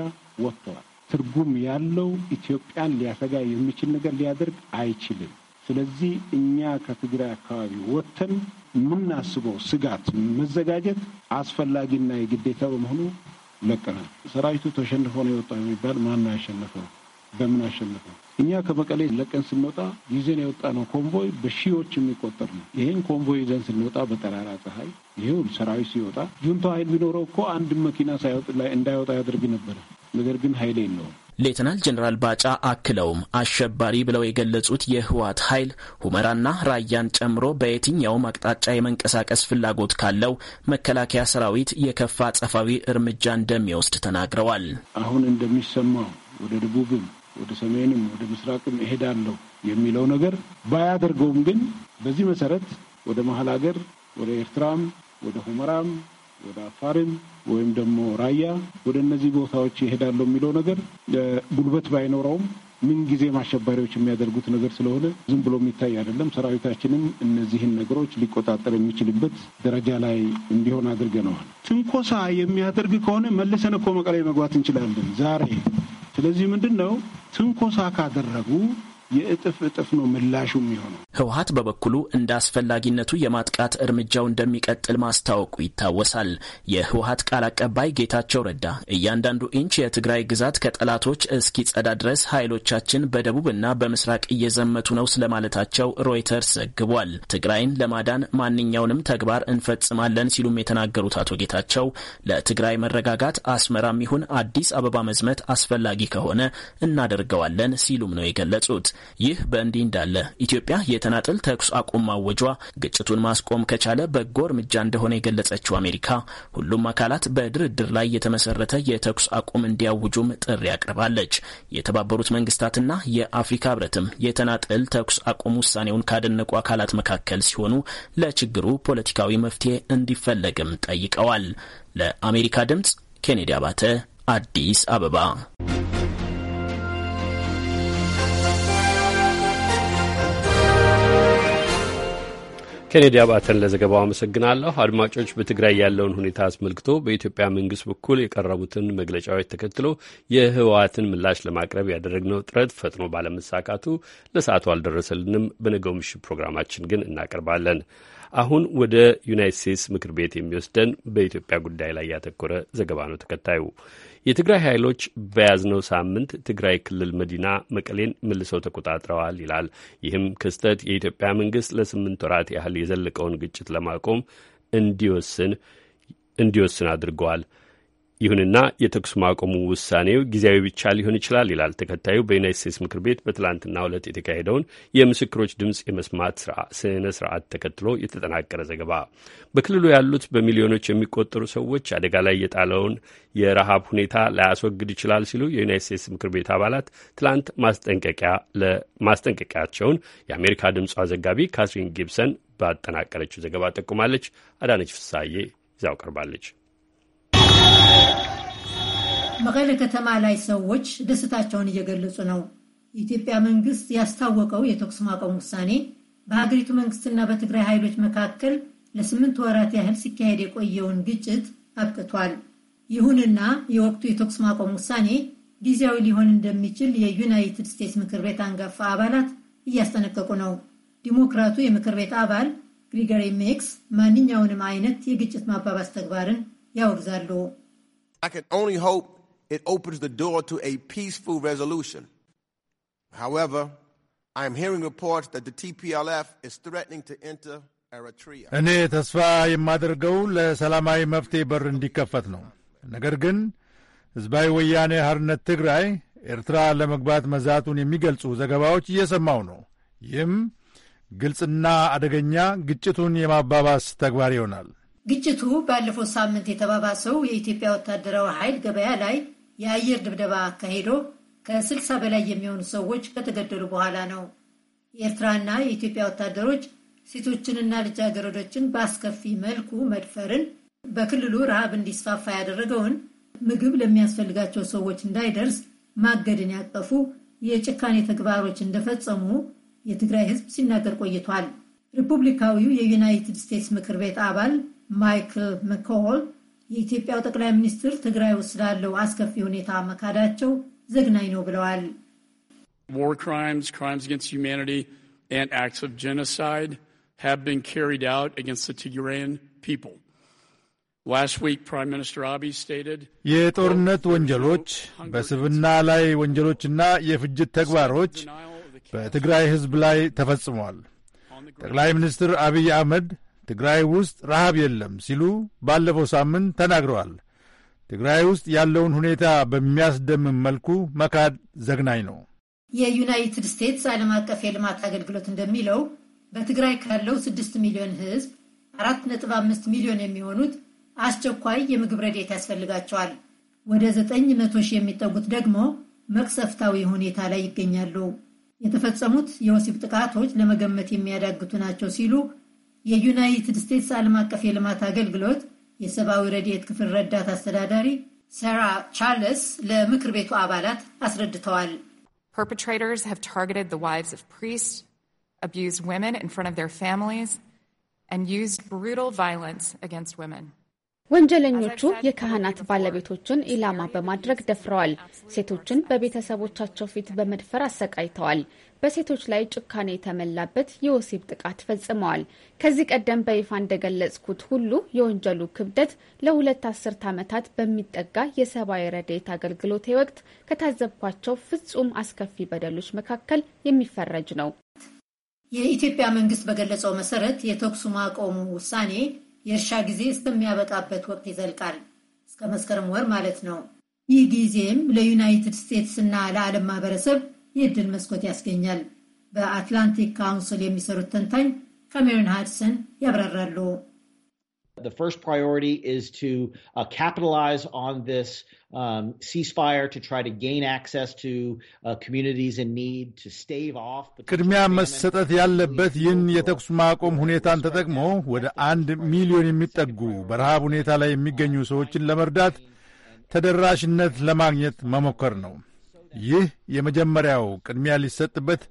ወጥተዋል። ትርጉም ያለው ኢትዮጵያን ሊያሰጋ የሚችል ነገር ሊያደርግ አይችልም። ስለዚህ እኛ ከትግራይ አካባቢ ወጥተን የምናስበው ስጋት መዘጋጀት አስፈላጊና የግዴታ በመሆኑ ለቀናል። ሰራዊቱ ተሸንፎ ነው የወጣው የሚባል ማን ነው ያሸነፈው? በምን አሸነፈው? እኛ ከመቀሌ ለቀን ስንወጣ ይዘን የወጣ ነው ኮንቮይ በሺዎች የሚቆጠር ነው። ይህን ኮንቮይ ይዘን ስንወጣ በጠራራ ፀሐይ ይሁን ሰራዊት ሲወጣ ጁንታ ኃይል ቢኖረው እኮ አንድ መኪና እንዳይወጣ ያደርግ ነበረ። ነገር ግን ኃይል የለውም። ሌትናል ጀኔራል ባጫ አክለውም አሸባሪ ብለው የገለጹት የህወሓት ኃይል ሁመራና ራያን ጨምሮ በየትኛውም አቅጣጫ የመንቀሳቀስ ፍላጎት ካለው መከላከያ ሰራዊት የከፋ ጸፋዊ እርምጃ እንደሚወስድ ተናግረዋል። አሁን እንደሚሰማው ወደ ደቡብም ወደ ሰሜንም ወደ ምስራቅም እሄዳለሁ የሚለው ነገር ባያደርገውም ግን በዚህ መሰረት ወደ መሀል ሀገር ወደ ኤርትራም ወደ ሁመራም ወደ አፋርም ወይም ደግሞ ራያ ወደ እነዚህ ቦታዎች ይሄዳለሁ የሚለው ነገር ጉልበት ባይኖረውም ምንጊዜም አሸባሪዎች የሚያደርጉት ነገር ስለሆነ ዝም ብሎ የሚታይ አይደለም። ሰራዊታችንም እነዚህን ነገሮች ሊቆጣጠር የሚችልበት ደረጃ ላይ እንዲሆን አድርገነዋል። ትንኮሳ የሚያደርግ ከሆነ መልሰን እኮ መቀሌ መግባት እንችላለን ዛሬ ስለዚህ ምንድን ነው ትንኮሳ ካደረጉ የእጥፍ እጥፍ ነው ምላሹ የሚሆነው። ህወሀት በበኩሉ እንደ አስፈላጊነቱ የማጥቃት እርምጃው እንደሚቀጥል ማስታወቁ ይታወሳል። የህወሀት ቃል አቀባይ ጌታቸው ረዳ እያንዳንዱ ኢንች የትግራይ ግዛት ከጠላቶች እስኪጸዳ ድረስ ኃይሎቻችን በደቡብና በምስራቅ እየዘመቱ ነው ስለማለታቸው ሮይተርስ ዘግቧል። ትግራይን ለማዳን ማንኛውንም ተግባር እንፈጽማለን ሲሉም የተናገሩት አቶ ጌታቸው ለትግራይ መረጋጋት አስመራም ይሁን አዲስ አበባ መዝመት አስፈላጊ ከሆነ እናደርገዋለን ሲሉም ነው የገለጹት። ይህ በእንዲህ እንዳለ ኢትዮጵያ የተናጥል ተኩስ አቁም ማወጇ ግጭቱን ማስቆም ከቻለ በጎ እርምጃ እንደሆነ የገለጸችው አሜሪካ ሁሉም አካላት በድርድር ላይ የተመሰረተ የተኩስ አቁም እንዲያውጁም ጥሪ አቅርባለች። የተባበሩት መንግስታትና የአፍሪካ ህብረትም የተናጥል ተኩስ አቁም ውሳኔውን ካደነቁ አካላት መካከል ሲሆኑ ለችግሩ ፖለቲካዊ መፍትሄ እንዲፈለግም ጠይቀዋል። ለአሜሪካ ድምጽ ኬኔዲ አባተ አዲስ አበባ ኬኔዲ አባተን ለዘገባው አመሰግናለሁ። አድማጮች፣ በትግራይ ያለውን ሁኔታ አስመልክቶ በኢትዮጵያ መንግስት በኩል የቀረቡትን መግለጫዎች ተከትሎ የህወሓትን ምላሽ ለማቅረብ ያደረግነው ጥረት ፈጥኖ ባለመሳካቱ ለሰዓቱ አልደረሰልንም። በነገው ምሽት ፕሮግራማችን ግን እናቀርባለን። አሁን ወደ ዩናይት ስቴትስ ምክር ቤት የሚወስደን በኢትዮጵያ ጉዳይ ላይ ያተኮረ ዘገባ ነው ተከታዩ የትግራይ ኃይሎች በያዝነው ሳምንት ትግራይ ክልል መዲና መቀሌን መልሰው ተቆጣጥረዋል ይላል። ይህም ክስተት የኢትዮጵያ መንግስት ለስምንት ወራት ያህል የዘለቀውን ግጭት ለማቆም እንዲወስን እንዲወስን አድርገዋል። ይሁንና የተኩስ ማቆሙ ውሳኔው ጊዜያዊ ብቻ ሊሆን ይችላል ይላል ተከታዩ በዩናይት ስቴትስ ምክር ቤት በትላንትና ዕለት የተካሄደውን የምስክሮች ድምፅ የመስማት ስነ ስርዓት ተከትሎ የተጠናቀረ ዘገባ። በክልሉ ያሉት በሚሊዮኖች የሚቆጠሩ ሰዎች አደጋ ላይ የጣለውን የረሃብ ሁኔታ ላያስወግድ ይችላል ሲሉ የዩናይት ስቴትስ ምክር ቤት አባላት ትላንት ማስጠንቀቂያቸውን የአሜሪካ ድምጿ ዘጋቢ ካትሪን ጊብሰን ባጠናቀረችው ዘገባ ጠቁማለች። አዳነች ፍሳዬ ይዛው ቀርባለች። መቀለ ከተማ ላይ ሰዎች ደስታቸውን እየገለጹ ነው። የኢትዮጵያ መንግስት ያስታወቀው የተኩስ ማቆም ውሳኔ በሀገሪቱ መንግስትና በትግራይ ኃይሎች መካከል ለስምንት ወራት ያህል ሲካሄድ የቆየውን ግጭት አብቅቷል። ይሁንና የወቅቱ የተኩስ ማቆም ውሳኔ ጊዜያዊ ሊሆን እንደሚችል የዩናይትድ ስቴትስ ምክር ቤት አንጋፋ አባላት እያስጠነቀቁ ነው። ዲሞክራቱ የምክር ቤት አባል ግሪገሪ ሜክስ ማንኛውንም አይነት የግጭት ማባባስ ተግባርን ያወግዛሉ። it opens the door to a peaceful resolution. However, I am hearing reports that the TPLF is threatening to enter Eritrea. እኔ ተስፋ የማደርገው ለሰላማዊ መፍትሄ በር እንዲከፈት ነው። ነገር ግን ሕዝባዊ ወያኔ ሐርነት ትግራይ ኤርትራ ለመግባት መዛቱን የሚገልጹ ዘገባዎች እየሰማው ነው። ይህም ግልጽና አደገኛ ግጭቱን የማባባስ ተግባር ይሆናል። ግጭቱ ባለፈው ሳምንት የተባባሰው የኢትዮጵያ ወታደራዊ ኃይል ገበያ ላይ የአየር ድብደባ አካሂዶ ከ60 በላይ የሚሆኑ ሰዎች ከተገደሉ በኋላ ነው። የኤርትራና የኢትዮጵያ ወታደሮች ሴቶችንና ልጃገረዶችን በአስከፊ መልኩ መድፈርን፣ በክልሉ ረሃብ እንዲስፋፋ ያደረገውን ምግብ ለሚያስፈልጋቸው ሰዎች እንዳይደርስ ማገድን ያቀፉ የጭካኔ ተግባሮች እንደፈጸሙ የትግራይ ሕዝብ ሲናገር ቆይቷል። ሪፑብሊካዊው የዩናይትድ ስቴትስ ምክር ቤት አባል ማይክል መኮል የኢትዮጵያው ጠቅላይ ሚኒስትር ትግራይ ውስጥ ስላለው አስከፊ ሁኔታ መካዳቸው ዘግናኝ ነው ብለዋል። war crimes, crimes against humanity, and acts of genocide have been carried out against the Tigrayan people. Last week, Prime Minister Abiy stated የጦርነት ወንጀሎች በስብና ላይ ወንጀሎችና የፍጅት ተግባሮች በትግራይ ሕዝብ ላይ ተፈጽሟል። ጠቅላይ ሚኒስትር አብይ አህመድ ትግራይ ውስጥ ረሃብ የለም ሲሉ ባለፈው ሳምንት ተናግረዋል። ትግራይ ውስጥ ያለውን ሁኔታ በሚያስደምም መልኩ መካድ ዘግናኝ ነው። የዩናይትድ ስቴትስ ዓለም አቀፍ የልማት አገልግሎት እንደሚለው በትግራይ ካለው 6 ሚሊዮን ሕዝብ 4.5 ሚሊዮን የሚሆኑት አስቸኳይ የምግብ ረዴት ያስፈልጋቸዋል። ወደ 900 ሺህ የሚጠጉት ደግሞ መቅሰፍታዊ ሁኔታ ላይ ይገኛሉ። የተፈጸሙት የወሲብ ጥቃቶች ለመገመት የሚያዳግቱ ናቸው ሲሉ የዩናይትድ ስቴትስ ዓለም አቀፍ የልማት አገልግሎት የሰብአዊ ረድኤት ክፍል ረዳት አስተዳዳሪ ሰራ ቻርለስ ለምክር ቤቱ አባላት አስረድተዋል። Perpetrators have targeted the wives of priests, abused women in front of their families, and used brutal violence against women. ወንጀለኞቹ የካህናት ባለቤቶችን ኢላማ በማድረግ ደፍረዋል። ሴቶችን በቤተሰቦቻቸው ፊት በመድፈር አሰቃይተዋል። በሴቶች ላይ ጭካኔ የተመላበት የወሲብ ጥቃት ፈጽመዋል። ከዚህ ቀደም በይፋ እንደገለጽኩት ሁሉ የወንጀሉ ክብደት ለሁለት አስርት ዓመታት በሚጠጋ የሰብአዊ ረዴት አገልግሎቴ ወቅት ከታዘብኳቸው ፍጹም አስከፊ በደሎች መካከል የሚፈረጅ ነው። የኢትዮጵያ መንግስት በገለጸው መሰረት የተኩሱ ማቆሙ ውሳኔ የእርሻ ጊዜ እስከሚያበቃበት ወቅት ይዘልቃል፣ እስከ መስከረም ወር ማለት ነው። ይህ ጊዜም ለዩናይትድ ስቴትስ እና ለዓለም ማህበረሰብ የዕድል መስኮት ያስገኛል። በአትላንቲክ ካውንስል የሚሰሩት ተንታኝ ካሜሮን ሃድሰን ያብራራሉ። The first priority is to uh, capitalize on this um, ceasefire to try to gain access to uh, communities in need to stave off. ቅድሚያ መሰጠት ያለበት ይህን የተኩስ ማቆም ሁኔታን ተጠቅሞ ወደ አንድ ሚሊዮን የሚጠጉ በረሃብ ሁኔታ ላይ የሚገኙ ሰዎችን ለመርዳት ተደራሽነት ለማግኘት መሞከር ነው። ይህ የመጀመሪያው ቅድሚያ ሊሰጥበት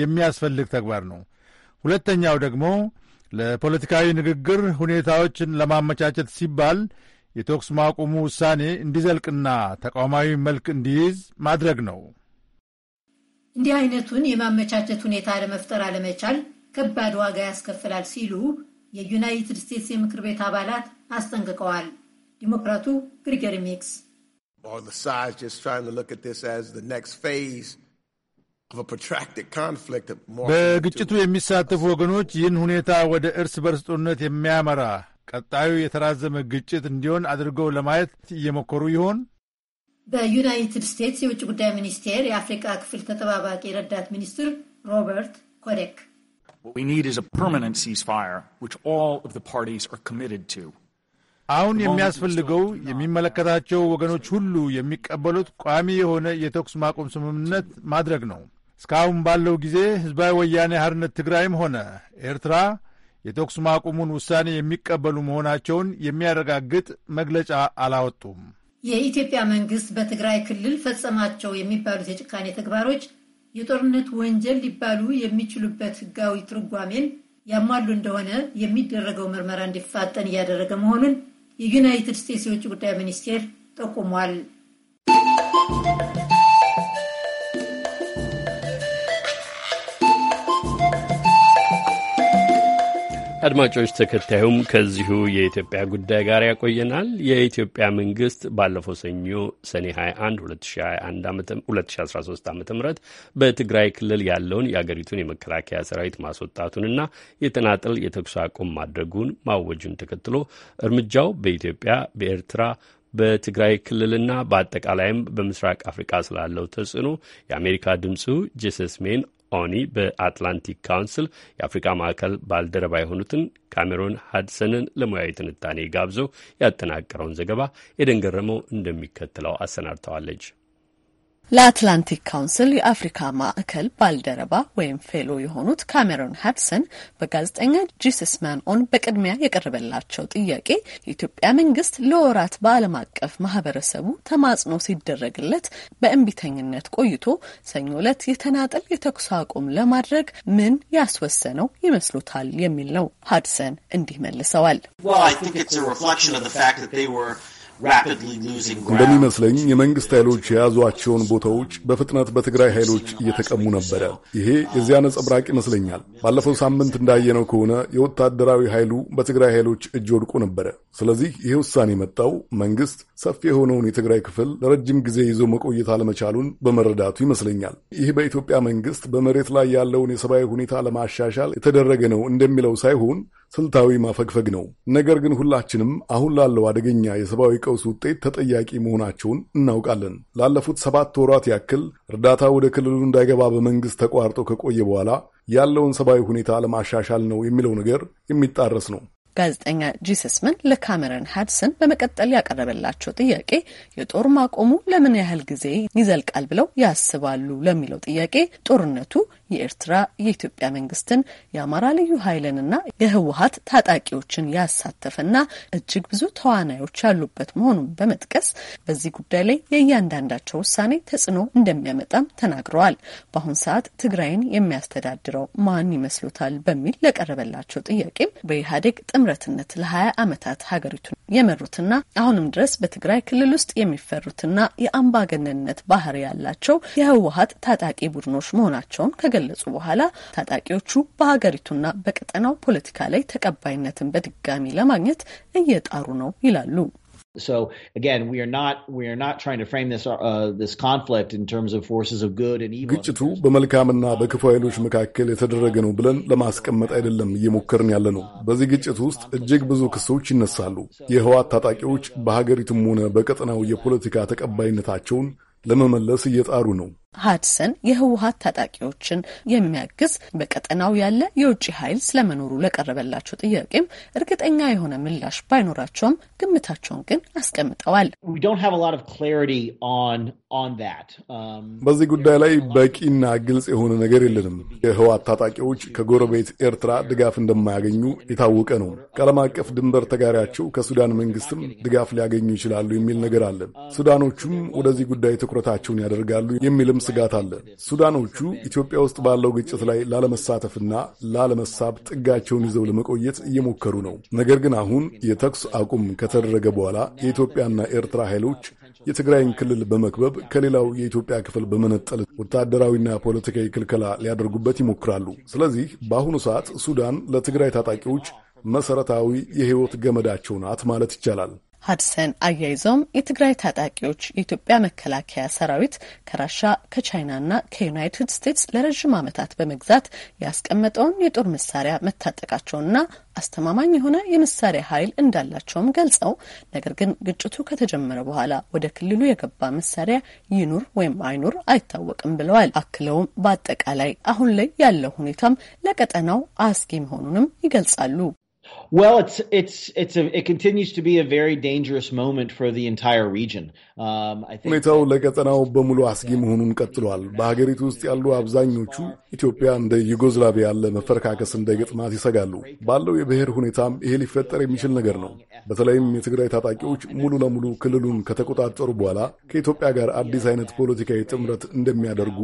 የሚያስፈልግ ተግባር ነው። ሁለተኛው ደግሞ ለፖለቲካዊ ንግግር ሁኔታዎችን ለማመቻቸት ሲባል የተኩስ ማቆሙ ውሳኔ እንዲዘልቅና ተቋማዊ መልክ እንዲይዝ ማድረግ ነው። እንዲህ አይነቱን የማመቻቸት ሁኔታ ለመፍጠር አለመቻል ከባድ ዋጋ ያስከፍላል ሲሉ የዩናይትድ ስቴትስ የምክር ቤት አባላት አስጠንቅቀዋል። ዲሞክራቱ ግሪገሪ ሚክስ on the sides just trying to look at this as the next phase በግጭቱ የሚሳተፉ ወገኖች ይህን ሁኔታ ወደ እርስ በርስ ጦርነት የሚያመራ ቀጣዩ የተራዘመ ግጭት እንዲሆን አድርገው ለማየት እየሞከሩ ይሆን? በዩናይትድ ስቴትስ የውጭ ጉዳይ ሚኒስቴር የአፍሪካ ክፍል ተጠባባቂ ረዳት ሚኒስትር ሮበርት ኮዴክ አሁን የሚያስፈልገው የሚመለከታቸው ወገኖች ሁሉ የሚቀበሉት ቋሚ የሆነ የተኩስ ማቆም ስምምነት ማድረግ ነው። እስካሁን ባለው ጊዜ ሕዝባዊ ወያኔ ሓርነት ትግራይም ሆነ ኤርትራ የተኩስ ማቆሙን ውሳኔ የሚቀበሉ መሆናቸውን የሚያረጋግጥ መግለጫ አላወጡም። የኢትዮጵያ መንግስት በትግራይ ክልል ፈጸማቸው የሚባሉት የጭካኔ ተግባሮች የጦርነት ወንጀል ሊባሉ የሚችሉበት ሕጋዊ ትርጓሜን ያሟሉ እንደሆነ የሚደረገው ምርመራ እንዲፋጠን እያደረገ መሆኑን የዩናይትድ ስቴትስ የውጭ ጉዳይ ሚኒስቴር ጠቁሟል። አድማጮች ተከታዩም ከዚሁ የኢትዮጵያ ጉዳይ ጋር ያቆየናል። የኢትዮጵያ መንግስት ባለፈው ሰኞ ሰኔ 21 2013 ዓ ም በትግራይ ክልል ያለውን የአገሪቱን የመከላከያ ሰራዊት ማስወጣቱንና የተናጠል የተኩስ አቁም ማድረጉን ማወጁን ተከትሎ እርምጃው በኢትዮጵያ፣ በኤርትራ በትግራይ ክልልና በአጠቃላይም በምስራቅ አፍሪካ ስላለው ተጽዕኖ የአሜሪካ ድምፁ ጄሰስ ሜን ኦኒ በአትላንቲክ ካውንስል የአፍሪካ ማዕከል ባልደረባ የሆኑትን ካሜሮን ሀድሰንን ለሙያዊ ትንታኔ ጋብዞ ያጠናቀረውን ዘገባ የደንገረመው እንደሚከተለው አሰናድተዋለች። ለአትላንቲክ ካውንስል የአፍሪካ ማዕከል ባልደረባ ወይም ፌሎ የሆኑት ካሜሮን ሃድሰን በጋዜጠኛ ጂስስ ማንኦን በቅድሚያ የቀረበላቸው ጥያቄ የኢትዮጵያ መንግስት ለወራት በዓለም አቀፍ ማህበረሰቡ ተማጽኖ ሲደረግለት በእንቢተኝነት ቆይቶ ሰኞ ዕለት የተናጠል የተኩስ አቁም ለማድረግ ምን ያስወሰነው ይመስሎታል የሚል ነው። ሃድሰን እንዲህ መልሰዋል። እንደሚመስለኝ የመንግስት ኃይሎች የያዟቸውን ቦታዎች በፍጥነት በትግራይ ኃይሎች እየተቀሙ ነበረ። ይሄ የዚያ ነጸብራቅ ይመስለኛል። ባለፈው ሳምንት እንዳየነው ከሆነ የወታደራዊ ኃይሉ በትግራይ ኃይሎች እጅ ወድቆ ነበረ። ስለዚህ ይሄ ውሳኔ የመጣው መንግስት ሰፊ የሆነውን የትግራይ ክፍል ለረጅም ጊዜ ይዞ መቆየት አለመቻሉን በመረዳቱ ይመስለኛል። ይህ በኢትዮጵያ መንግስት በመሬት ላይ ያለውን የሰብአዊ ሁኔታ ለማሻሻል የተደረገ ነው እንደሚለው ሳይሆን ስልታዊ ማፈግፈግ ነው። ነገር ግን ሁላችንም አሁን ላለው አደገኛ የሰብአዊ ቀውስ ውጤት ተጠያቂ መሆናቸውን እናውቃለን። ላለፉት ሰባት ወራት ያክል እርዳታ ወደ ክልሉ እንዳይገባ በመንግስት ተቋርጦ ከቆየ በኋላ ያለውን ሰብአዊ ሁኔታ ለማሻሻል ነው የሚለው ነገር የሚጣረስ ነው። ጋዜጠኛ ጂሰስመን ለካሜረን ሃድሰን በመቀጠል ያቀረበላቸው ጥያቄ የጦር ማቆሙ ለምን ያህል ጊዜ ይዘልቃል ብለው ያስባሉ ለሚለው ጥያቄ ጦርነቱ የኤርትራ የኢትዮጵያ መንግስትን የአማራ ልዩ ኃይልንና የህወሀት ታጣቂዎችን ያሳተፈና እጅግ ብዙ ተዋናዮች ያሉበት መሆኑን በመጥቀስ በዚህ ጉዳይ ላይ የእያንዳንዳቸው ውሳኔ ተጽዕኖ እንደሚያመጣም ተናግረዋል። በአሁን ሰዓት ትግራይን የሚያስተዳድረው ማን ይመስሉታል? በሚል ለቀረበላቸው ጥያቄም በኢህአዴግ ጥምረትነት ለሀያ ዓመታት ሀገሪቱን የመሩትና አሁንም ድረስ በትግራይ ክልል ውስጥ የሚፈሩትና የአምባገነንነት ባህሪ ያላቸው የህወሀት ታጣቂ ቡድኖች መሆናቸውን ከ ከገለጹ በኋላ ታጣቂዎቹ በሀገሪቱና በቀጠናው ፖለቲካ ላይ ተቀባይነትን በድጋሚ ለማግኘት እየጣሩ ነው ይላሉ። So again, we are not we are not trying to frame this uh, this conflict in terms of forces of good and evil. ግጭቱ በመልካምና በክፉ ኃይሎች መካከል የተደረገ ነው ብለን ለማስቀመጥ አይደለም እየሞከርን ያለ ነው። በዚህ ግጭት ውስጥ እጅግ ብዙ ክሶች ይነሳሉ። የህዋት ታጣቂዎች በሀገሪቱም ሆነ በቀጠናው የፖለቲካ ተቀባይነታቸውን ለመመለስ እየጣሩ ነው። ሀድሰን የህወሀት ታጣቂዎችን የሚያግዝ በቀጠናው ያለ የውጭ ኃይል ስለመኖሩ ለቀረበላቸው ጥያቄም እርግጠኛ የሆነ ምላሽ ባይኖራቸውም ግምታቸውን ግን አስቀምጠዋል። um, በዚህ ጉዳይ ላይ በቂና ግልጽ የሆነ ነገር የለንም። የህወሀት ታጣቂዎች ከጎረቤት ኤርትራ ድጋፍ እንደማያገኙ የታወቀ ነው። ከዓለም አቀፍ ድንበር ተጋሪያቸው ከሱዳን መንግስትም ድጋፍ ሊያገኙ ይችላሉ የሚል ነገር አለን። ሱዳኖቹም ወደዚህ ጉዳይ ትኩረታቸውን ያደርጋሉ የሚልም ስጋት አለ። ሱዳኖቹ ኢትዮጵያ ውስጥ ባለው ግጭት ላይ ላለመሳተፍና ላለመሳብ ጥጋቸውን ይዘው ለመቆየት እየሞከሩ ነው። ነገር ግን አሁን የተኩስ አቁም ከተደረገ በኋላ የኢትዮጵያና ኤርትራ ኃይሎች የትግራይን ክልል በመክበብ ከሌላው የኢትዮጵያ ክፍል በመነጠል ወታደራዊና ፖለቲካዊ ክልከላ ሊያደርጉበት ይሞክራሉ። ስለዚህ በአሁኑ ሰዓት ሱዳን ለትግራይ ታጣቂዎች መሠረታዊ የሕይወት ገመዳቸው ናት ማለት ይቻላል። ሀድሰን አያይዘውም የትግራይ ታጣቂዎች የኢትዮጵያ መከላከያ ሰራዊት ከራሻ ከቻይናና ከዩናይትድ ስቴትስ ለረዥም ዓመታት በመግዛት ያስቀመጠውን የጦር መሳሪያ መታጠቃቸውና አስተማማኝ የሆነ የመሳሪያ ኃይል እንዳላቸውም ገልጸው ነገር ግን ግጭቱ ከተጀመረ በኋላ ወደ ክልሉ የገባ መሳሪያ ይኑር ወይም አይኑር አይታወቅም ብለዋል። አክለውም በአጠቃላይ አሁን ላይ ያለው ሁኔታም ለቀጠናው አስጊ መሆኑንም ይገልጻሉ። Well, it's it's it's a it continues to be a very dangerous moment for the entire region. ሁኔታው ለቀጠናው በሙሉ አስጊ መሆኑን ቀጥሏል። በሀገሪቱ ውስጥ ያሉ አብዛኞቹ ኢትዮጵያ እንደ ዩጎዝላቪያ ያለ መፈረካከስ እንዳይገጥማት ይሰጋሉ። ባለው የብሔር ሁኔታም ይሄ ሊፈጠር የሚችል ነገር ነው። በተለይም የትግራይ ታጣቂዎች ሙሉ ለሙሉ ክልሉን ከተቆጣጠሩ በኋላ ከኢትዮጵያ ጋር አዲስ አይነት ፖለቲካዊ ጥምረት እንደሚያደርጉ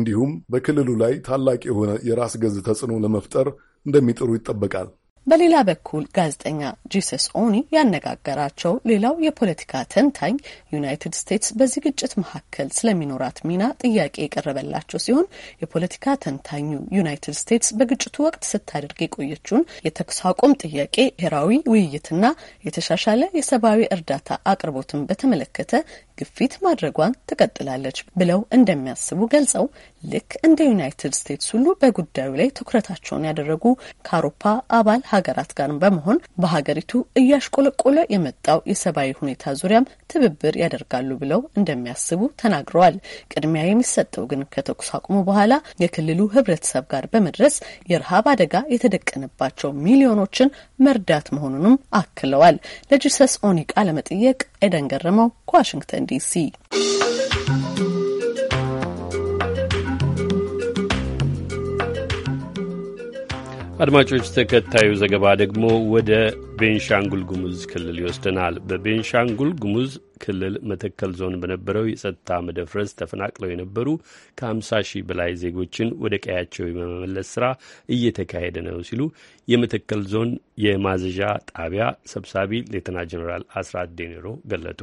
እንዲሁም በክልሉ ላይ ታላቅ የሆነ የራስ ገዝ ተጽዕኖ ለመፍጠር እንደሚጥሩ ይጠበቃል። በሌላ በኩል ጋዜጠኛ ጂሰስ ኦኒ ያነጋገራቸው ሌላው የፖለቲካ ተንታኝ ዩናይትድ ስቴትስ በዚህ ግጭት መካከል ስለሚኖራት ሚና ጥያቄ የቀረበላቸው ሲሆን የፖለቲካ ተንታኙ ዩናይትድ ስቴትስ በግጭቱ ወቅት ስታደርግ የቆየችውን የተኩስ አቁም ጥያቄ፣ ብሔራዊ ውይይትና የተሻሻለ የሰብአዊ እርዳታ አቅርቦትን በተመለከተ ግፊት ማድረጓን ትቀጥላለች ብለው እንደሚያስቡ ገልጸው ልክ እንደ ዩናይትድ ስቴትስ ሁሉ በጉዳዩ ላይ ትኩረታቸውን ያደረጉ ከአውሮፓ አባል ሀገራት ጋር በመሆን በሀገሪቱ እያሽቆለቆለ የመጣው የሰብአዊ ሁኔታ ዙሪያም ትብብር ያደርጋሉ ብለው እንደሚያስቡ ተናግረዋል። ቅድሚያ የሚሰጠው ግን ከተኩስ አቁሙ በኋላ የክልሉ ህብረተሰብ ጋር በመድረስ የረሃብ አደጋ የተደቀነባቸው ሚሊዮኖችን መርዳት መሆኑንም አክለዋል። ለጂሰስ ኦኒ ቃለመጠየቅ ኤደን ገረመው ከዋሽንግተን ዲሲ አድማጮች ተከታዩ ዘገባ ደግሞ ወደ ቤንሻንጉል ጉሙዝ ክልል ይወስደናል። በቤንሻንጉል ጉሙዝ ክልል መተከል ዞን በነበረው የጸጥታ መደፍረስ ተፈናቅለው የነበሩ ከ50 ሺህ በላይ ዜጎችን ወደ ቀያቸው የመመለስ ስራ እየተካሄደ ነው ሲሉ የመተከል ዞን የማዘዣ ጣቢያ ሰብሳቢ ሌተና ጀኔራል አስራት ዴኔሮ ገለጡ።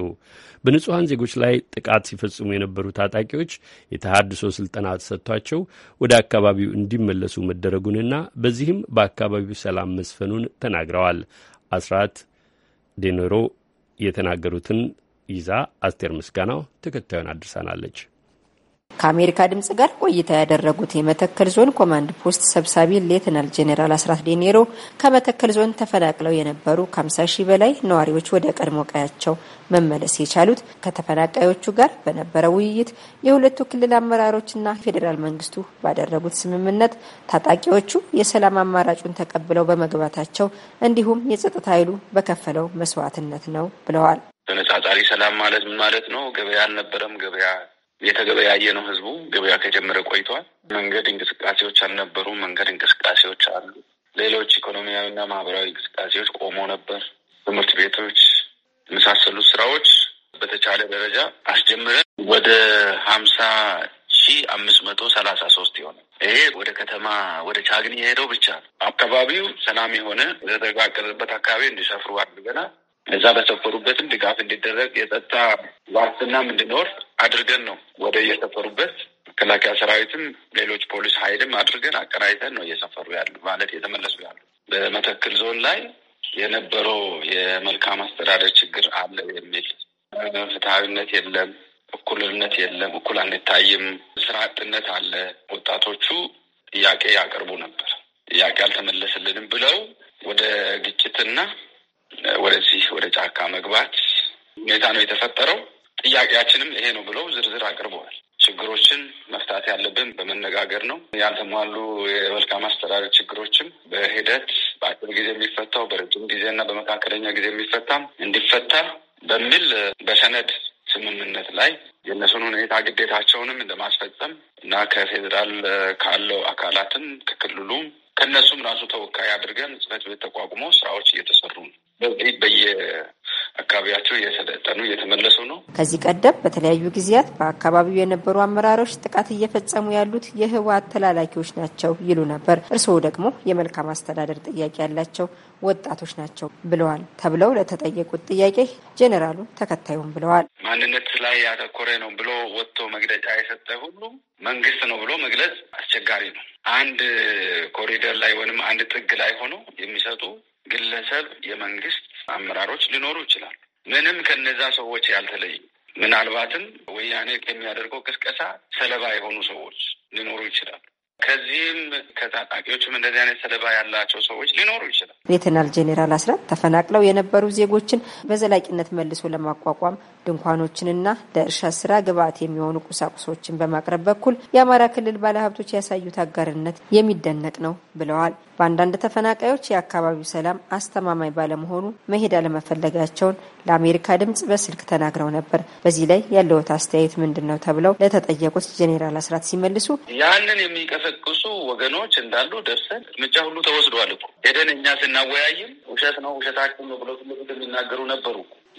በንጹሐን ዜጎች ላይ ጥቃት ሲፈጽሙ የነበሩ ታጣቂዎች የተሃድሶ ስልጠና ተሰጥቷቸው ወደ አካባቢው እንዲመለሱ መደረጉንና በዚህም በአካባቢው ሰላም መስፈኑን ተናግረዋል። አስራት ዴኔሮ የተናገሩትን ይዛ አስቴር ምስጋናው ተከታዩን አድርሳናለች። ከአሜሪካ ድምጽ ጋር ቆይታ ያደረጉት የመተከል ዞን ኮማንድ ፖስት ሰብሳቢ ሌትናል ጄኔራል አስራት ዴኔሮ ከመተከል ዞን ተፈናቅለው የነበሩ ከ50 ሺህ በላይ ነዋሪዎች ወደ ቀድሞ ቀያቸው መመለስ የቻሉት ከተፈናቃዮቹ ጋር በነበረው ውይይት የሁለቱ ክልል አመራሮችና ፌዴራል መንግስቱ ባደረጉት ስምምነት ታጣቂዎቹ የሰላም አማራጩን ተቀብለው በመግባታቸው እንዲሁም የጸጥታ ኃይሉ በከፈለው መስዋዕትነት ነው ብለዋል። ተነጻጻሪ ሰላም ማለት ምን ማለት ነው? ገበያ አልነበረም። ገበያ የተገበያየ ነው ህዝቡ። ገበያ ከጀመረ ቆይቷል። መንገድ እንቅስቃሴዎች አልነበሩ። መንገድ እንቅስቃሴዎች አሉ። ሌሎች ኢኮኖሚያዊና ማህበራዊ እንቅስቃሴዎች ቆሞ ነበር። ትምህርት ቤቶች የመሳሰሉት ስራዎች በተቻለ ደረጃ አስጀምረን ወደ ሀምሳ ሺህ አምስት መቶ ሰላሳ ሶስት የሆነ ይሄ ወደ ከተማ ወደ ቻግኒ የሄደው ብቻ ነው። አካባቢው ሰላም የሆነ የተጋቀዘበት አካባቢ እንዲሰፍሩ አድርገናል። እዛ በሰፈሩበትም ድጋፍ እንዲደረግ የጸጥታ ዋስትናም እንዲኖር አድርገን ነው ወደ እየሰፈሩበት መከላከያ ሰራዊትም ሌሎች ፖሊስ ኃይልም አድርገን አቀናጅተን ነው እየሰፈሩ ያሉ ማለት የተመለሱ ያሉ። በመተከል ዞን ላይ የነበረው የመልካም አስተዳደር ችግር አለ የሚል ፍትሐዊነት የለም፣ እኩልነት የለም፣ እኩል አንታይም፣ ስራ አጥነት አለ። ወጣቶቹ ጥያቄ ያቀርቡ ነበር፣ ጥያቄ አልተመለስልንም ብለው ወደ ግጭትና ወደዚህ ወደ ጫካ መግባት ሁኔታ ነው የተፈጠረው። ጥያቄያችንም ይሄ ነው ብለው ዝርዝር አቅርበዋል። ችግሮችን መፍታት ያለብን በመነጋገር ነው። ያልተሟሉ የመልካም አስተዳደር ችግሮችም በሂደት በአጭር ጊዜ የሚፈታው በረጅም ጊዜና በመካከለኛ ጊዜ የሚፈታም እንዲፈታ በሚል በሰነድ ስምምነት ላይ የእነሱን ሁኔታ ግዴታቸውንም እንደማስፈጸም እና ከፌዴራል ካለው አካላትም ከክልሉም ከእነሱም ራሱ ተወካይ አድርገን ጽህፈት ቤት ተቋቁሞ ስራዎች እየተሰሩ ነው። በዚህ በየ አካባቢያቸው እየሰለጠኑ እየተመለሱ ነው። ከዚህ ቀደም በተለያዩ ጊዜያት በአካባቢው የነበሩ አመራሮች ጥቃት እየፈጸሙ ያሉት የህወሓት ተላላኪዎች ናቸው ይሉ ነበር። እርስዎ ደግሞ የመልካም አስተዳደር ጥያቄ ያላቸው ወጣቶች ናቸው ብለዋል ተብለው ለተጠየቁት ጥያቄ ጄኔራሉ ተከታዩም ብለዋል። ማንነት ላይ ያተኮረ ነው ብሎ ወጥቶ መግለጫ የሰጠ ሁሉ መንግስት ነው ብሎ መግለጽ አስቸጋሪ ነው። አንድ ኮሪደር ላይ ወይም አንድ ጥግ ላይ ሆኖ የሚሰጡ ግለሰብ የመንግስት አመራሮች ሊኖሩ ይችላል። ምንም ከነዛ ሰዎች ያልተለዩ ምናልባትም ወያኔ ከሚያደርገው ቅስቀሳ ሰለባ የሆኑ ሰዎች ሊኖሩ ይችላል። ከዚህም ከታጣቂዎችም እንደዚህ አይነት ሰለባ ያላቸው ሰዎች ሊኖሩ ይችላል። ሌተናል ጄኔራል አስራት ተፈናቅለው የነበሩ ዜጎችን በዘላቂነት መልሶ ለማቋቋም ድንኳኖችንና ለእርሻ ስራ ግብዓት የሚሆኑ ቁሳቁሶችን በማቅረብ በኩል የአማራ ክልል ባለሀብቶች ያሳዩት አጋርነት የሚደነቅ ነው ብለዋል። በአንዳንድ ተፈናቃዮች የአካባቢው ሰላም አስተማማኝ ባለመሆኑ መሄድ አለመፈለጋቸውን ለአሜሪካ ድምጽ በስልክ ተናግረው ነበር። በዚህ ላይ ያለዎት አስተያየት ምንድን ነው ተብለው ለተጠየቁት ጄኔራል አስራት ሲመልሱ ያንን የሚቀሰቅሱ ወገኖች እንዳሉ ደርሰን እርምጃ ሁሉ ተወስዷል እኮ ሄደን እኛ ስናወያይም ውሸት ነው ውሸታችን ነው ብሎ የሚናገሩ ነበሩ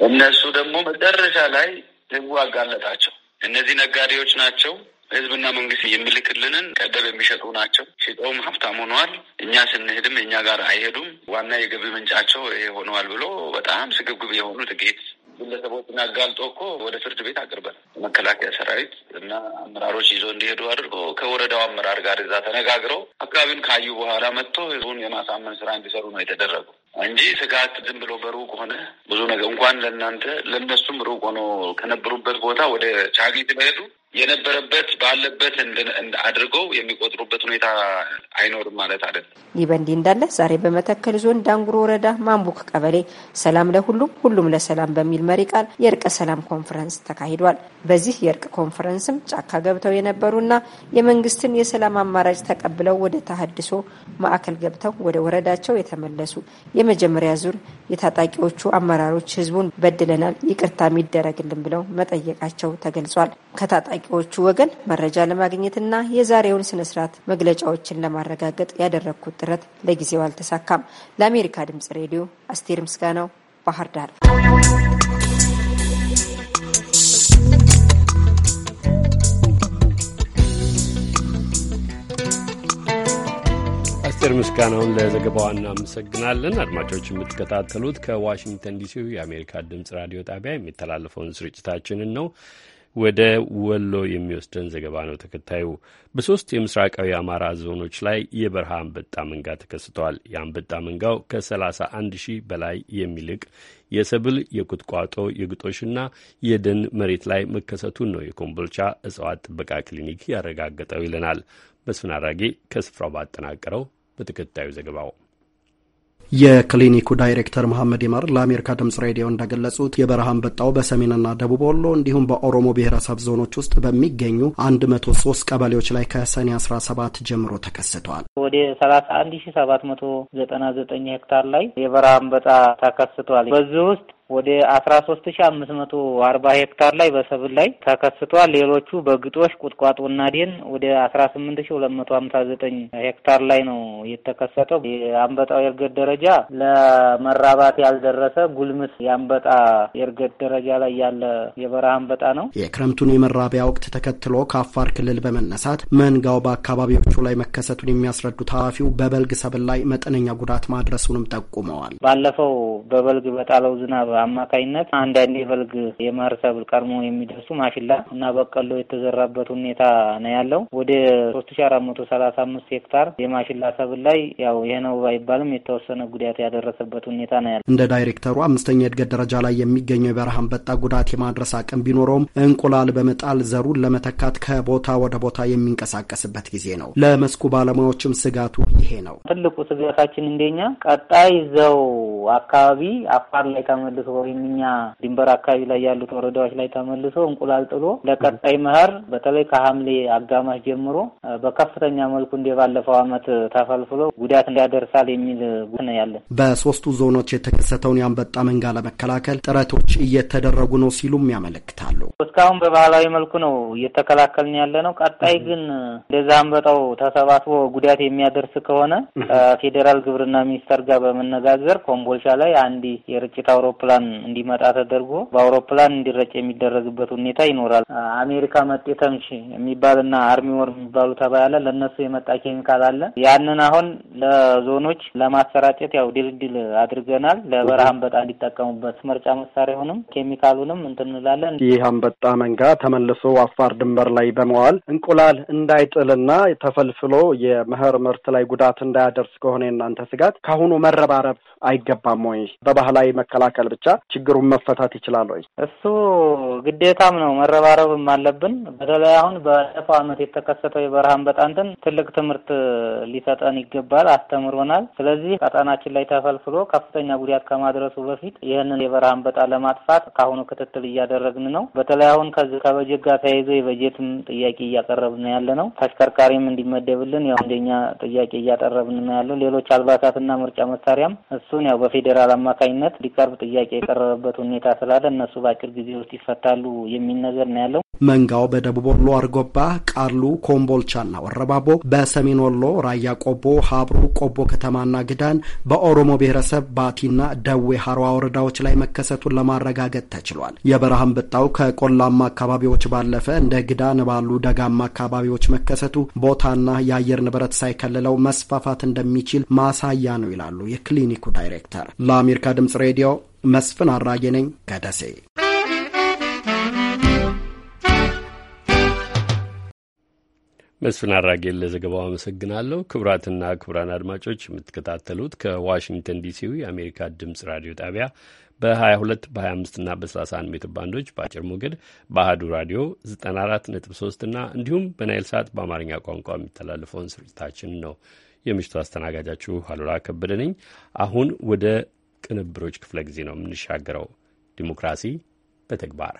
እነሱ ደግሞ መጨረሻ ላይ ህቡ አጋለጣቸው። እነዚህ ነጋዴዎች ናቸው ህዝብና መንግስት የሚልክልንን ቀደብ የሚሸጡ ናቸው። ሽጠውም ሀብታም ሆነዋል። እኛ ስንሄድም እኛ ጋር አይሄዱም። ዋና የገቢ ምንጫቸው ይሄ ሆነዋል ብሎ በጣም ስግብግብ የሆኑ ጥቂት ግለሰቦችን አጋልጦ እኮ ወደ ፍርድ ቤት አቅርበን መከላከያ ሰራዊት እና አመራሮች ይዞ እንዲሄዱ አድርጎ ከወረዳው አመራር ጋር እዛ ተነጋግረው አካባቢውን ካዩ በኋላ መጥቶ ህዝቡን የማሳመን ስራ እንዲሰሩ ነው የተደረገው። እንጂ ስጋት ዝም ብሎ በሩቅ ሆነ ብዙ ነገር እንኳን ለእናንተ ለእነሱም ሩቅ ሆኖ ከነበሩበት ቦታ ወደ ቻግኒ መሄዱ የነበረበት ባለበት አድርገው የሚቆጥሩበት ሁኔታ አይኖርም ማለት አይደለም። ይህ በእንዲህ እንዳለ ዛሬ በመተከል ዞን ዳንጉሮ ወረዳ ማንቡክ ቀበሌ ሰላም ለሁሉም ሁሉም ለሰላም በሚል መሪ ቃል የእርቀ ሰላም ኮንፈረንስ ተካሂዷል። በዚህ የእርቅ ኮንፈረንስም ጫካ ገብተው የነበሩና የመንግስትን የሰላም አማራጭ ተቀብለው ወደ ተሀድሶ ማዕከል ገብተው ወደ ወረዳቸው የተመለሱ የመጀመሪያ ዙር የታጣቂዎቹ አመራሮች ህዝቡን በድለናል፣ ይቅርታ የሚደረግልን ብለው መጠየቃቸው ተገልጿል። ከታጣቂ ከአጥቂዎቹ ወገን መረጃ ለማግኘትና የዛሬውን ስነስርዓት መግለጫዎችን ለማረጋገጥ ያደረግኩት ጥረት ለጊዜው አልተሳካም። ለአሜሪካ ድምጽ ሬዲዮ አስቴር ምስጋናው ባህር ዳር። አስቴር ምስጋናውን ለዘገባዋ እናመሰግናለን። አድማጮች የምትከታተሉት ከዋሽንግተን ዲሲው የአሜሪካ ድምፅ ራዲዮ ጣቢያ የሚተላለፈውን ስርጭታችንን ነው። ወደ ወሎ የሚወስደን ዘገባ ነው ተከታዩ። በሶስት የምስራቃዊ አማራ ዞኖች ላይ የበረሃ አንበጣ መንጋ ተከስቷል። የአንበጣ መንጋው ከ31 ሺህ በላይ የሚልቅ የሰብል የቁጥቋጦ የግጦሽና የደን መሬት ላይ መከሰቱን ነው የኮምቦልቻ እጽዋት ጥበቃ ክሊኒክ ያረጋገጠው ይለናል መስፍን አራጌ ከስፍራው ባጠናቀረው በተከታዩ ዘገባው የክሊኒኩ ዳይሬክተር መሐመድ ይመር ለአሜሪካ ድምጽ ሬዲዮ እንደገለጹት የበረሃን በጣው በሰሜንና ደቡብ ወሎ እንዲሁም በኦሮሞ ብሔረሰብ ዞኖች ውስጥ በሚገኙ 103 ቀበሌዎች ላይ ከሰኔ 17 ጀምሮ ተከስቷል። ወደ 31799 ሄክታር ላይ የበረሃን በጣ ተከስቷል። በዚህ ውስጥ ወደ አስራ ሶስት ሺ አምስት መቶ አርባ ሄክታር ላይ በሰብል ላይ ተከስቷል። ሌሎቹ በግጦሽ ቁጥቋጦና ደን ወደ አስራ ስምንት ሺ ሁለት መቶ ሀምሳ ዘጠኝ ሄክታር ላይ ነው የተከሰተው። የአንበጣው የእድገት ደረጃ ለመራባት ያልደረሰ ጉልምስ የአንበጣ የእርገት ደረጃ ላይ ያለ የበረሃ አንበጣ ነው። የክረምቱን የመራቢያ ወቅት ተከትሎ ከአፋር ክልል በመነሳት መንጋው በአካባቢዎቹ ላይ መከሰቱን የሚያስረዱት ኃላፊው በበልግ ሰብል ላይ መጠነኛ ጉዳት ማድረሱንም ጠቁመዋል። ባለፈው በበልግ በጣለው ዝናብ አማካኝነት አንዳንድ የበልግ የመኸር ሰብል ቀድሞ የሚደርሱ ማሽላ እና በቀሎ የተዘራበት ሁኔታ ነው ያለው። ወደ ሶስት ሺ አራት መቶ ሰላሳ አምስት ሄክታር የማሽላ ሰብል ላይ ያው ይህ ነው ባይባልም የተወሰነ ጉዳት ያደረሰበት ሁኔታ ነው ያለው። እንደ ዳይሬክተሩ አምስተኛ የእድገት ደረጃ ላይ የሚገኘው የበረሃ አንበጣ ጉዳት የማድረስ አቅም ቢኖረውም እንቁላል በመጣል ዘሩን ለመተካት ከቦታ ወደ ቦታ የሚንቀሳቀስበት ጊዜ ነው። ለመስኩ ባለሙያዎችም ስጋቱ ይሄ ነው። ትልቁ ስጋታችን እንደኛ ቀጣይ ዘው አካባቢ አፋር ላይ ተመልሶ ተመልሶ ወይም እኛ ድንበር አካባቢ ላይ ያሉት ወረዳዎች ላይ ተመልሶ እንቁላል ጥሎ ለቀጣይ መኸር በተለይ ከሐምሌ አጋማሽ ጀምሮ በከፍተኛ መልኩ እንደ ባለፈው ዓመት ተፈልፍሎ ጉዳት እንዲያደርሳል የሚል ጉን ያለን። በሶስቱ ዞኖች የተከሰተውን የአንበጣ መንጋ ለመከላከል ጥረቶች እየተደረጉ ነው ሲሉም ያመለክታሉ። እስካሁን በባህላዊ መልኩ ነው እየተከላከልን ያለ ነው። ቀጣይ ግን እንደዛ አንበጣው ተሰባስቦ ጉዳት የሚያደርስ ከሆነ ከፌዴራል ግብርና ሚኒስቴር ጋር በመነጋገር ኮምቦልቻ ላይ አንድ የርጭት አውሮፕላን አውሮፕላን እንዲመጣ ተደርጎ በአውሮፕላን እንዲረጭ የሚደረግበት ሁኔታ ይኖራል። አሜሪካ መጤ ተምች የሚባልና አርሚ ወር የሚባሉ ተባያለ ለእነሱ የመጣ ኬሚካል አለ። ያንን አሁን ለዞኖች ለማሰራጨት ያው ድልድል አድርገናል። ለበረሃ አንበጣ እንዲጠቀሙበት መርጫ መሳሪያውንም ኬሚካሉንም እንትንላለን። ይህ አንበጣ መንጋ ተመልሶ አፋር ድንበር ላይ በመዋል እንቁላል እንዳይጥልና ተፈልፍሎ የመኸር ምርት ላይ ጉዳት እንዳያደርስ ከሆነ የእናንተ ስጋት ከአሁኑ መረባረብ አይገባም ወይ? በባህላዊ መከላከል ብቻ ችግሩን መፈታት ይችላል ወይ? እሱ ግዴታም ነው መረባረብም አለብን። በተለይ አሁን ባለፈው ዓመት የተከሰተው የበረሃ አንበጣ እንትን ትልቅ ትምህርት ሊሰጠን ይገባል፣ አስተምሮናል። ስለዚህ ቀጠናችን ላይ ተፈልፍሎ ከፍተኛ ጉዳት ከማድረሱ በፊት ይህንን የበረሃ አንበጣ ለማጥፋት ከአሁኑ ክትትል እያደረግን ነው። በተለይ አሁን ከዚህ ከበጀት ጋር ተያይዞ የበጀትም ጥያቄ እያቀረብን ያለ ነው። ተሽከርካሪም እንዲመደብልን ያው እንደኛ ጥያቄ እያቀረብን ያለው ሌሎች አልባሳትና ምርጫ መሳሪያም እሱ እሱን ያው በፌዴራል አማካኝነት እንዲቀርብ ጥያቄ የቀረበበት ሁኔታ ስላለ እነሱ በአጭር ጊዜ ውስጥ ይፈታሉ የሚል ነገር ነው ያለው። መንጋው በደቡብ ወሎ አርጎባ፣ ቃሉ፣ ኮምቦልቻና ወረባቦ፣ በሰሜን ወሎ ራያ ቆቦ፣ ሀብሩ፣ ቆቦ ከተማና ግዳን፣ በኦሮሞ ብሔረሰብ ባቲና ደዌ ሀርዋ ወረዳዎች ላይ መከሰቱን ለማረጋገጥ ተችሏል። የበረሃ አንበጣው ከቆላማ አካባቢዎች ባለፈ እንደ ግዳን ባሉ ደጋማ አካባቢዎች መከሰቱ ቦታና የአየር ንብረት ሳይከልለው መስፋፋት እንደሚችል ማሳያ ነው ይላሉ የክሊኒኩ ዳ ዳይሬክተር። ለአሜሪካ ድምጽ ሬዲዮ መስፍን አራጌ ነኝ ከደሴ። መስፍን አራጌን ለዘገባው አመሰግናለሁ። ክቡራትና ክቡራን አድማጮች የምትከታተሉት ከዋሽንግተን ዲሲው የአሜሪካ ድምጽ ራዲዮ ጣቢያ በ22 በ25 እና በ31 ሜትር ባንዶች በአጭር ሞገድ በአህዱ ራዲዮ 94.3 እና እንዲሁም በናይል ሰዓት በአማርኛ ቋንቋ የሚተላለፈውን ስርጭታችን ነው። የምሽቱ አስተናጋጃችሁ አሉላ ከበደ ነኝ። አሁን ወደ ቅንብሮች ክፍለ ጊዜ ነው የምንሻገረው። ዲሞክራሲ በተግባር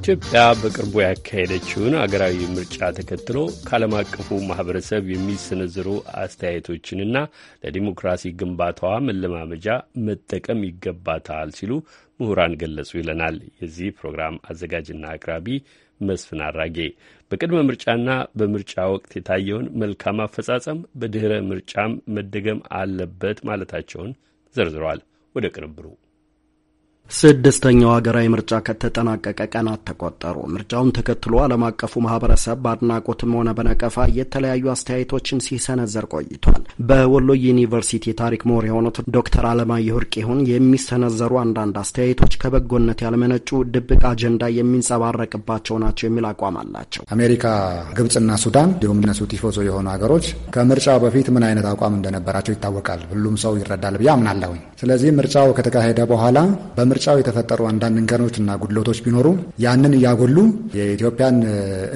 ኢትዮጵያ በቅርቡ ያካሄደችውን አገራዊ ምርጫ ተከትሎ ከዓለም አቀፉ ማህበረሰብ የሚሰነዘሩ አስተያየቶችንና ለዲሞክራሲ ግንባታዋ መለማመጃ መጠቀም ይገባታል ሲሉ ምሁራን ገለጹ ይለናል የዚህ ፕሮግራም አዘጋጅና አቅራቢ መስፍን አራጌ በቅድመ ምርጫና በምርጫ ወቅት የታየውን መልካም አፈጻጸም በድኅረ ምርጫም መደገም አለበት ማለታቸውን ዘርዝረዋል። ወደ ቅንብሩ ስድስተኛው ሀገራዊ ምርጫ ከተጠናቀቀ ቀናት ተቆጠሩ። ምርጫውን ተከትሎ ዓለም አቀፉ ማህበረሰብ በአድናቆትም ሆነ በነቀፋ የተለያዩ አስተያየቶችን ሲሰነዘር ቆይቷል። በወሎ ዩኒቨርሲቲ ታሪክ ምሁር የሆኑት ዶክተር አለማየሁ እርቄሁን የሚሰነዘሩ አንዳንድ አስተያየቶች ከበጎነት ያልመነጩ ድብቅ አጀንዳ የሚንጸባረቅባቸው ናቸው የሚል አቋም አላቸው። አሜሪካ፣ ግብጽና ሱዳን እንዲሁም እነሱ ቲፎዞ የሆኑ ሀገሮች ከምርጫው በፊት ምን አይነት አቋም እንደነበራቸው ይታወቃል። ሁሉም ሰው ይረዳል ብዬ አምናለሁኝ። ስለዚህ ምርጫው ከተካሄደ በኋላ በምርጫው የተፈጠሩ አንዳንድ እንከኖችና ጉድለቶች ቢኖሩ ያንን እያጎሉ የኢትዮጵያን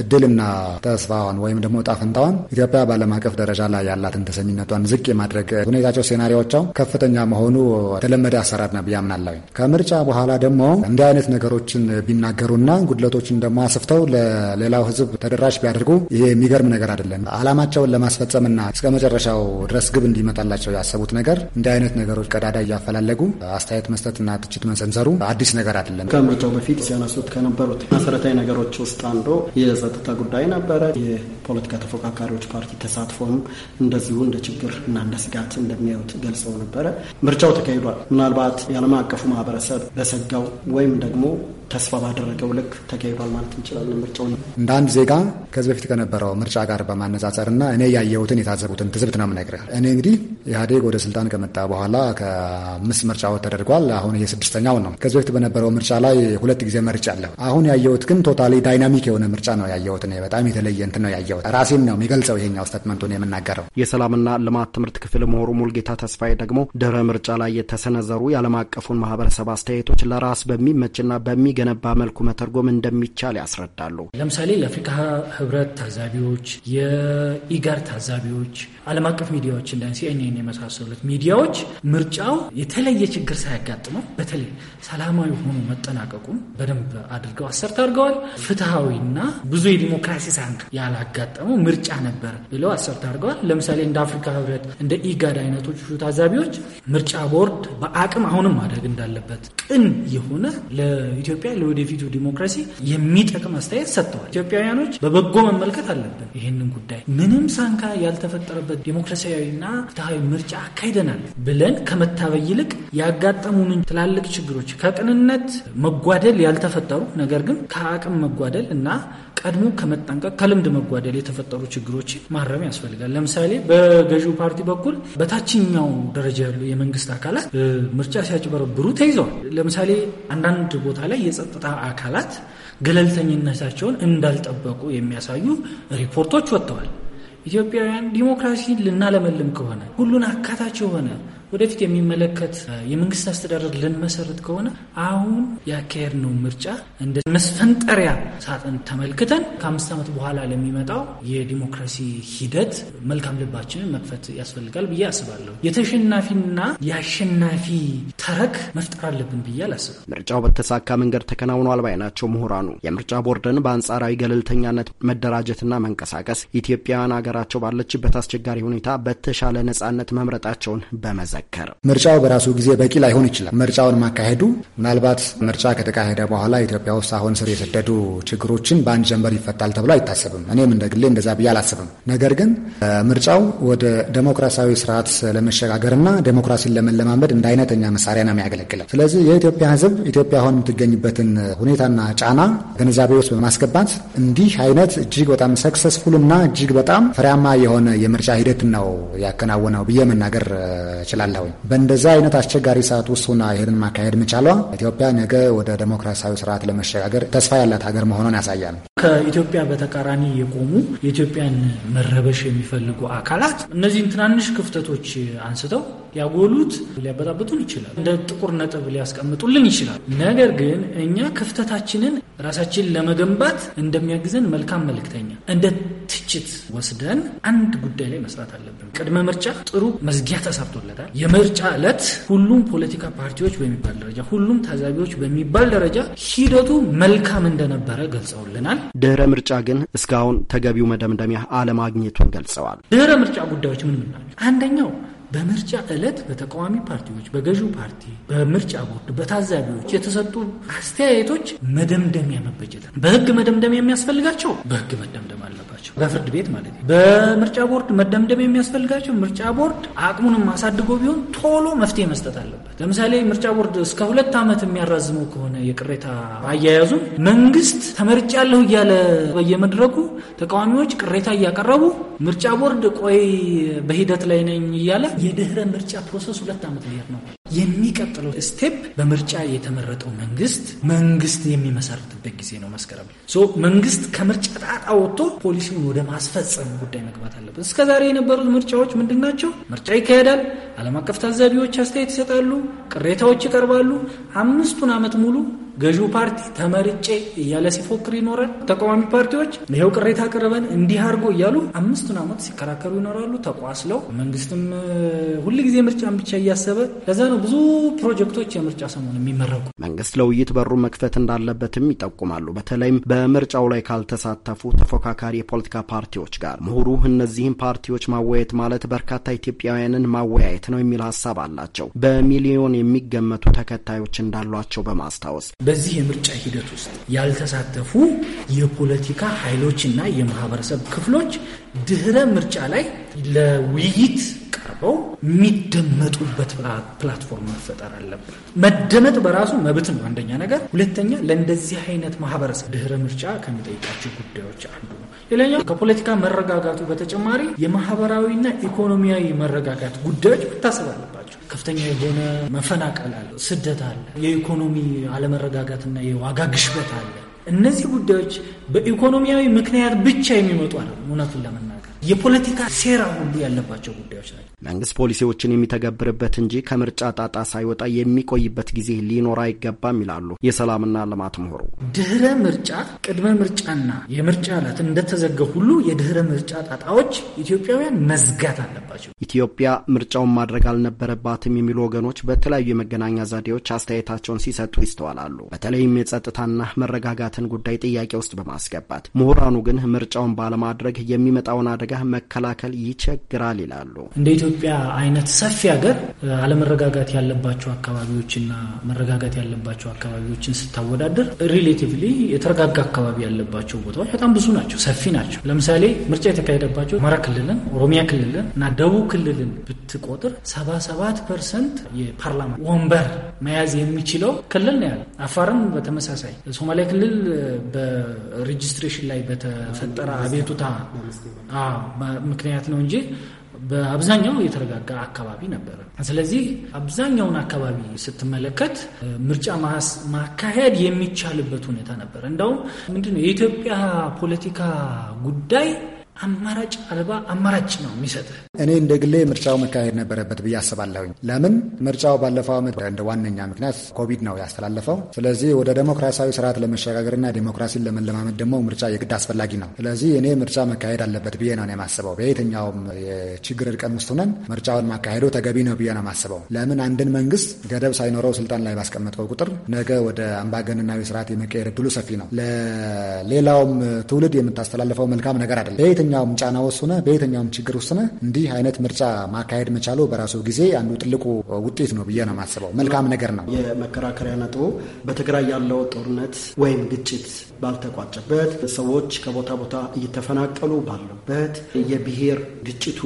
እድልና ተስፋዋን ወይም ደግሞ ጣፍንታዋን ኢትዮጵያ በዓለም አቀፍ ደረጃ ላይ ያላትን ተሰሚነቷን ዝቅ የማድረግ ሁኔታቸው ሴናሪዎቻው ከፍተኛ መሆኑ ተለመደ አሰራር ነው ብዬ አምናለሁ። ከምርጫ በኋላ ደግሞ እንዲህ አይነት ነገሮችን ቢናገሩና ጉድለቶችን ደግሞ አስፍተው ለሌላው ሕዝብ ተደራሽ ቢያደርጉ ይሄ የሚገርም ነገር አይደለም። ዓላማቸውን ለማስፈጸምና እስከ መጨረሻው ድረስ ግብ እንዲመጣላቸው ያሰቡት ነገር እንዲህ አይነት ነገሮች ቀዳዳ እያፈላለጉ አስተያየት መስጠትና ትችት መሰንዘ መምዘሩ አዲስ ነገር አይደለም። ከምርጫው በፊት ሲያነሱት ከነበሩት መሰረታዊ ነገሮች ውስጥ አንዱ የጸጥታ ጉዳይ ነበረ። የፖለቲካ ተፎካካሪዎች ፓርቲ ተሳትፎም እንደዚሁ እንደ ችግር እና እንደ ስጋት እንደሚያዩት ገልጸው ነበረ። ምርጫው ተካሂዷል። ምናልባት የዓለም አቀፉ ማህበረሰብ በሰጋው ወይም ደግሞ ተስፋ ባደረገው ልክ ተካሂዷል ማለት እንችላለን። ምርጫው እንደ አንድ ዜጋ ከዚህ በፊት ከነበረው ምርጫ ጋር በማነጻጸር እና እኔ ያየሁትን የታዘቡትን ትዝብት ነው የምነግርህ። እኔ እንግዲህ ኢህአዴግ ወደ ስልጣን ከመጣ በኋላ ከአምስት ምርጫዎች ተደርጓል። አሁን የስድስተኛው ነው። ከዚህ በፊት በነበረው ምርጫ ላይ ሁለት ጊዜ መርጫ አለሁ። አሁን ያየሁት ግን ቶታሊ ዳይናሚክ የሆነ ምርጫ ነው ያየሁት። በጣም የተለየ እንትን ነው ያየሁት። ራሴን ነው የሚገልጸው ይሄኛው ስቴትመንቱን የምናገረው። የሰላምና ልማት ትምህርት ክፍል ምሁሩ ሙልጌታ ተስፋዬ ደግሞ ድህረ ምርጫ ላይ የተሰነዘሩ የዓለም አቀፉን ማህበረሰብ አስተያየቶች ለራስ በሚመችና በሚ በሚገነባ መልኩ መተርጎም እንደሚቻል ያስረዳሉ። ለምሳሌ የአፍሪካ ህብረት ታዛቢዎች፣ የኢጋድ ታዛቢዎች፣ ዓለም አቀፍ ሚዲያዎች እንደ ሲኤንኤን የመሳሰሉት ሚዲያዎች ምርጫው የተለየ ችግር ሳያጋጥመው በተለይ ሰላማዊ ሆኖ መጠናቀቁም በደንብ አድርገው አሰርት አድርገዋል። ፍትሐዊና ብዙ የዲሞክራሲ ሳንክ ያላጋጠመው ምርጫ ነበር ብለው አሰርት አድርገዋል። ለምሳሌ እንደ አፍሪካ ህብረት እንደ ኢጋድ አይነቶቹ ታዛቢዎች ምርጫ ቦርድ በአቅም አሁንም ማድረግ እንዳለበት ቅን የሆነ ለኢትዮጵያ ለኢትዮጵያ ለወደፊቱ ዲሞክራሲ የሚጠቅም አስተያየት ሰጥተዋል። ኢትዮጵያውያኖች በበጎ መመልከት አለብን። ይህንን ጉዳይ ምንም ሳንካ ያልተፈጠረበት ዲሞክራሲያዊና ፍትሐዊ ምርጫ አካሂደናል ብለን ከመታበይ ይልቅ ያጋጠሙን ትላልቅ ችግሮች ከቅንነት መጓደል ያልተፈጠሩ ነገር ግን ከአቅም መጓደል እና ቀድሞ ከመጠንቀቅ ከልምድ መጓደል የተፈጠሩ ችግሮችን ማረም ያስፈልጋል። ለምሳሌ በገዢው ፓርቲ በኩል በታችኛው ደረጃ ያሉ የመንግስት አካላት ምርጫ ሲያጭበረብሩ ተይዘዋል። ለምሳሌ አንዳንድ ቦታ ላይ የጸጥታ አካላት ገለልተኝነታቸውን እንዳልጠበቁ የሚያሳዩ ሪፖርቶች ወጥተዋል። ኢትዮጵያውያን ዲሞክራሲ ልናለመልም ከሆነ ሁሉን አካታች የሆነ ወደፊት የሚመለከት የመንግስት አስተዳደር ልንመሰርት ከሆነ አሁን ነው ምርጫ እንደ መስፈንጠሪያ ሳጥን ተመልክተን ከአምስት ዓመት በኋላ ለሚመጣው የዲሞክራሲ ሂደት መልካም ልባችንን መክፈት ያስፈልጋል ብዬ አስባለሁ። የተሸናፊና የአሸናፊ ተረክ መፍጠር አለብን ብዬ አላስብም። ምርጫው በተሳካ መንገድ ተከናውኗል ባይ ናቸው ምሁራኑ። የምርጫ ቦርድን በአንጻራዊ ገለልተኛነት መደራጀትና መንቀሳቀስ ኢትዮጵያውያን ሀገራቸው ባለችበት አስቸጋሪ ሁኔታ በተሻለ ነጻነት መምረጣቸውን በመዘግ መከረው። ምርጫው በራሱ ጊዜ በቂ ላይሆን ይችላል። ምርጫውን ማካሄዱ ምናልባት ምርጫ ከተካሄደ በኋላ ኢትዮጵያ ውስጥ አሁን ስር የሰደዱ ችግሮችን በአንድ ጀንበር ይፈታል ተብሎ አይታሰብም። እኔም እንደ ግሌ እንደዛ ብዬ አላስብም። ነገር ግን ምርጫው ወደ ዴሞክራሲያዊ ስርዓት ለመሸጋገርና ዴሞክራሲን ለመለማመድ እንደ አይነተኛ መሳሪያ ነው የሚያገለግለው። ስለዚህ የኢትዮጵያ ሕዝብ ኢትዮጵያ አሁን የምትገኝበትን ሁኔታና ጫና ግንዛቤ ውስጥ በማስገባት እንዲህ አይነት እጅግ በጣም ሰክሰስፉልና እጅግ በጣም ፍሬያማ የሆነ የምርጫ ሂደት ነው ያከናወነው ብዬ መናገር እችላለሁ። እላለሁኝ። በእንደዚህ አይነት አስቸጋሪ ሰዓት ውስጥ ሆና ይህንን ማካሄድ መቻሏ ኢትዮጵያ ነገ ወደ ዴሞክራሲያዊ ስርዓት ለመሸጋገር ተስፋ ያላት ሀገር መሆኗን ያሳያል። ከኢትዮጵያ በተቃራኒ የቆሙ የኢትዮጵያን መረበሽ የሚፈልጉ አካላት እነዚህን ትናንሽ ክፍተቶች አንስተው ሊያጎሉት፣ ሊያበጣብጡን ይችላል። እንደ ጥቁር ነጥብ ሊያስቀምጡልን ይችላል። ነገር ግን እኛ ክፍተታችንን ራሳችን ለመገንባት እንደሚያግዘን መልካም መልክተኛ እንደ ትችት ወስደን አንድ ጉዳይ ላይ መስራት አለብን። ቅድመ ምርጫ ጥሩ መዝጊያ ተሰርቶለታል። የምርጫ ዕለት ሁሉም ፖለቲካ ፓርቲዎች በሚባል ደረጃ ሁሉም ታዛቢዎች በሚባል ደረጃ ሂደቱ መልካም እንደነበረ ገልጸውልናል። ድህረ ምርጫ ግን እስካሁን ተገቢው መደምደሚያ አለማግኘቱን ገልጸዋል። ድህረ ምርጫ ጉዳዮች ምን ምን ናቸው? አንደኛው በምርጫ ዕለት በተቃዋሚ ፓርቲዎች፣ በገዢው ፓርቲ፣ በምርጫ ቦርድ፣ በታዛቢዎች የተሰጡ አስተያየቶች መደምደሚያ መበጀት በህግ መደምደም የሚያስፈልጋቸው በህግ መደምደም አለባቸው፣ በፍርድ ቤት ማለት ነው። በምርጫ ቦርድ መደምደም የሚያስፈልጋቸው ምርጫ ቦርድ አቅሙንም አሳድጎ ቢሆን ቶሎ መፍትሄ መስጠት አለበት። ለምሳሌ ምርጫ ቦርድ እስከ ሁለት ዓመት የሚያራዝመው ከሆነ የቅሬታ አያያዙም መንግስት ተመርጫለሁ እያለ በየመድረኩ ተቃዋሚዎች ቅሬታ እያቀረቡ ምርጫ ቦርድ ቆይ በሂደት ላይ ነኝ እያለ የድህረ ምርጫ ፕሮሰስ ሁለት ዓመት ሊሄድ ነው። የሚቀጥለው ስቴፕ በምርጫ የተመረጠው መንግስት መንግስት የሚመሰርትበት ጊዜ ነው። መስከረም መንግስት ከምርጫ ጣጣ ወጥቶ ፖሊሲውን ወደ ማስፈጸም ጉዳይ መግባት አለበት። እስከዛሬ የነበሩት ምርጫዎች ምንድን ናቸው? ምርጫ ይካሄዳል። ዓለም አቀፍ ታዛቢዎች አስተያየት ይሰጣሉ። ቅሬታዎች ይቀርባሉ። አምስቱን ዓመት ሙሉ ገዢው ፓርቲ ተመርጬ እያለ ሲፎክር ይኖራል። ተቃዋሚ ፓርቲዎች ይኸው ቅሬታ አቅርበን እንዲህ አድርጎ እያሉ አምስቱን ዓመት ሲከራከሩ ይኖራሉ። ተቋስለው መንግስትም ሁልጊዜ ምርጫን ብቻ እያሰበ ለዛ ነው ብዙ ፕሮጀክቶች የምርጫ ሰሞን የሚመረቁ። መንግስት ለውይይት በሩ መክፈት እንዳለበትም ይጠቁማሉ። በተለይም በምርጫው ላይ ካልተሳተፉ ተፎካካሪ የፖለቲካ ፓርቲዎች ጋር ምሁሩ እነዚህም ፓርቲዎች ማወያየት ማለት በርካታ ኢትዮጵያውያንን ማወያየት ነው የሚል ሀሳብ አላቸው። በሚሊዮን የሚገመቱ ተከታዮች እንዳሏቸው በማስታወስ በዚህ የምርጫ ሂደት ውስጥ ያልተሳተፉ የፖለቲካ ኃይሎችና የማህበረሰብ ክፍሎች ድህረ ምርጫ ላይ ለውይይት ቀርበው የሚደመጡበት ፕላትፎርም መፈጠር አለበት። መደመጥ በራሱ መብት ነው፣ አንደኛ ነገር። ሁለተኛ ለእንደዚህ አይነት ማህበረሰብ ድህረ ምርጫ ከሚጠይቃቸው ጉዳዮች አንዱ ነው። ሌላኛው ከፖለቲካ መረጋጋቱ በተጨማሪ የማህበራዊና ኢኮኖሚያዊ መረጋጋት ጉዳዮች መታሰብ ከፍተኛ የሆነ መፈናቀል አለ፣ ስደት አለ፣ የኢኮኖሚ አለመረጋጋትና የዋጋ ግሽበት አለ። እነዚህ ጉዳዮች በኢኮኖሚያዊ ምክንያት ብቻ የሚመጡ አለ እውነቱን ለመናገር የፖለቲካ ሴራ ሁሉ ያለባቸው ጉዳዮች ናቸው። መንግስት ፖሊሲዎችን የሚተገብርበት እንጂ ከምርጫ ጣጣ ሳይወጣ የሚቆይበት ጊዜ ሊኖር አይገባም ይላሉ የሰላምና ልማት ምሁሩ። ድህረ ምርጫ፣ ቅድመ ምርጫና የምርጫ ዕለት እንደተዘጋ ሁሉ የድህረ ምርጫ ጣጣዎች ኢትዮጵያውያን መዝጋት አለባቸው። ኢትዮጵያ ምርጫውን ማድረግ አልነበረባትም የሚሉ ወገኖች በተለያዩ የመገናኛ ዘዴዎች አስተያየታቸውን ሲሰጡ ይስተዋላሉ። በተለይም የጸጥታና መረጋጋትን ጉዳይ ጥያቄ ውስጥ በማስገባት ምሁራኑ ግን ምርጫውን ባለማድረግ የሚመጣውን አደጋ መከላከል ይቸግራል ይላሉ። የኢትዮጵያ አይነት ሰፊ ሀገር አለመረጋጋት ያለባቸው አካባቢዎችና መረጋጋት ያለባቸው አካባቢዎችን ስታወዳደር ሪሌቲቭሊ የተረጋጋ አካባቢ ያለባቸው ቦታዎች በጣም ብዙ ናቸው፣ ሰፊ ናቸው። ለምሳሌ ምርጫ የተካሄደባቸው አማራ ክልልን፣ ኦሮሚያ ክልልን እና ደቡብ ክልልን ብትቆጥር 77 ፐርሰንት የፓርላማ ወንበር መያዝ የሚችለው ክልል ነው ያለ። አፋርም በተመሳሳይ ሶማሊያ ክልል በሬጅስትሬሽን ላይ በተፈጠረ አቤቱታ ምክንያት ነው እንጂ በአብዛኛው የተረጋጋ አካባቢ ነበረ። ስለዚህ አብዛኛውን አካባቢ ስትመለከት ምርጫ ማካሄድ የሚቻልበት ሁኔታ ነበረ። እንደውም ምንድነው የኢትዮጵያ ፖለቲካ ጉዳይ አማራጭ አልባ አማራጭ ነው የሚሰጥ። እኔ እንደ ግሌ ምርጫው መካሄድ ነበረበት ብዬ አስባለሁኝ። ለምን ምርጫው ባለፈው ዓመት እንደ ዋነኛ ምክንያት ኮቪድ ነው ያስተላለፈው። ስለዚህ ወደ ዴሞክራሲያዊ ስርዓት ለመሸጋገርና ዴሞክራሲን ለመለማመድ ደግሞ ምርጫ የግድ አስፈላጊ ነው። ስለዚህ እኔ ምርጫ መካሄድ አለበት ብዬ ነው የማስበው። በየትኛውም የችግር እርቀን ውስጥ ሆነን ምርጫውን ማካሄዱ ተገቢ ነው ብዬ ነው የማስበው። ለምን አንድን መንግስት ገደብ ሳይኖረው ስልጣን ላይ ባስቀመጠው ቁጥር ነገ ወደ አምባገነናዊ ስርዓት የመቀየር እድሉ ሰፊ ነው። ለሌላውም ትውልድ የምታስተላልፈው መልካም ነገር አይደለም። በየትኛውም ጫና ውስጥ ሆነ በየትኛውም ችግር ውስጥ ሆነ እንዲህ አይነት ምርጫ ማካሄድ መቻሉ በራሱ ጊዜ አንዱ ትልቁ ውጤት ነው ብዬ ነው የማስበው። መልካም ነገር ነው። የመከራከሪያ ነጥቡ በትግራይ ያለው ጦርነት ወይም ግጭት ባልተቋጨበት፣ ሰዎች ከቦታ ቦታ እየተፈናቀሉ ባለበት የብሔር ግጭቱ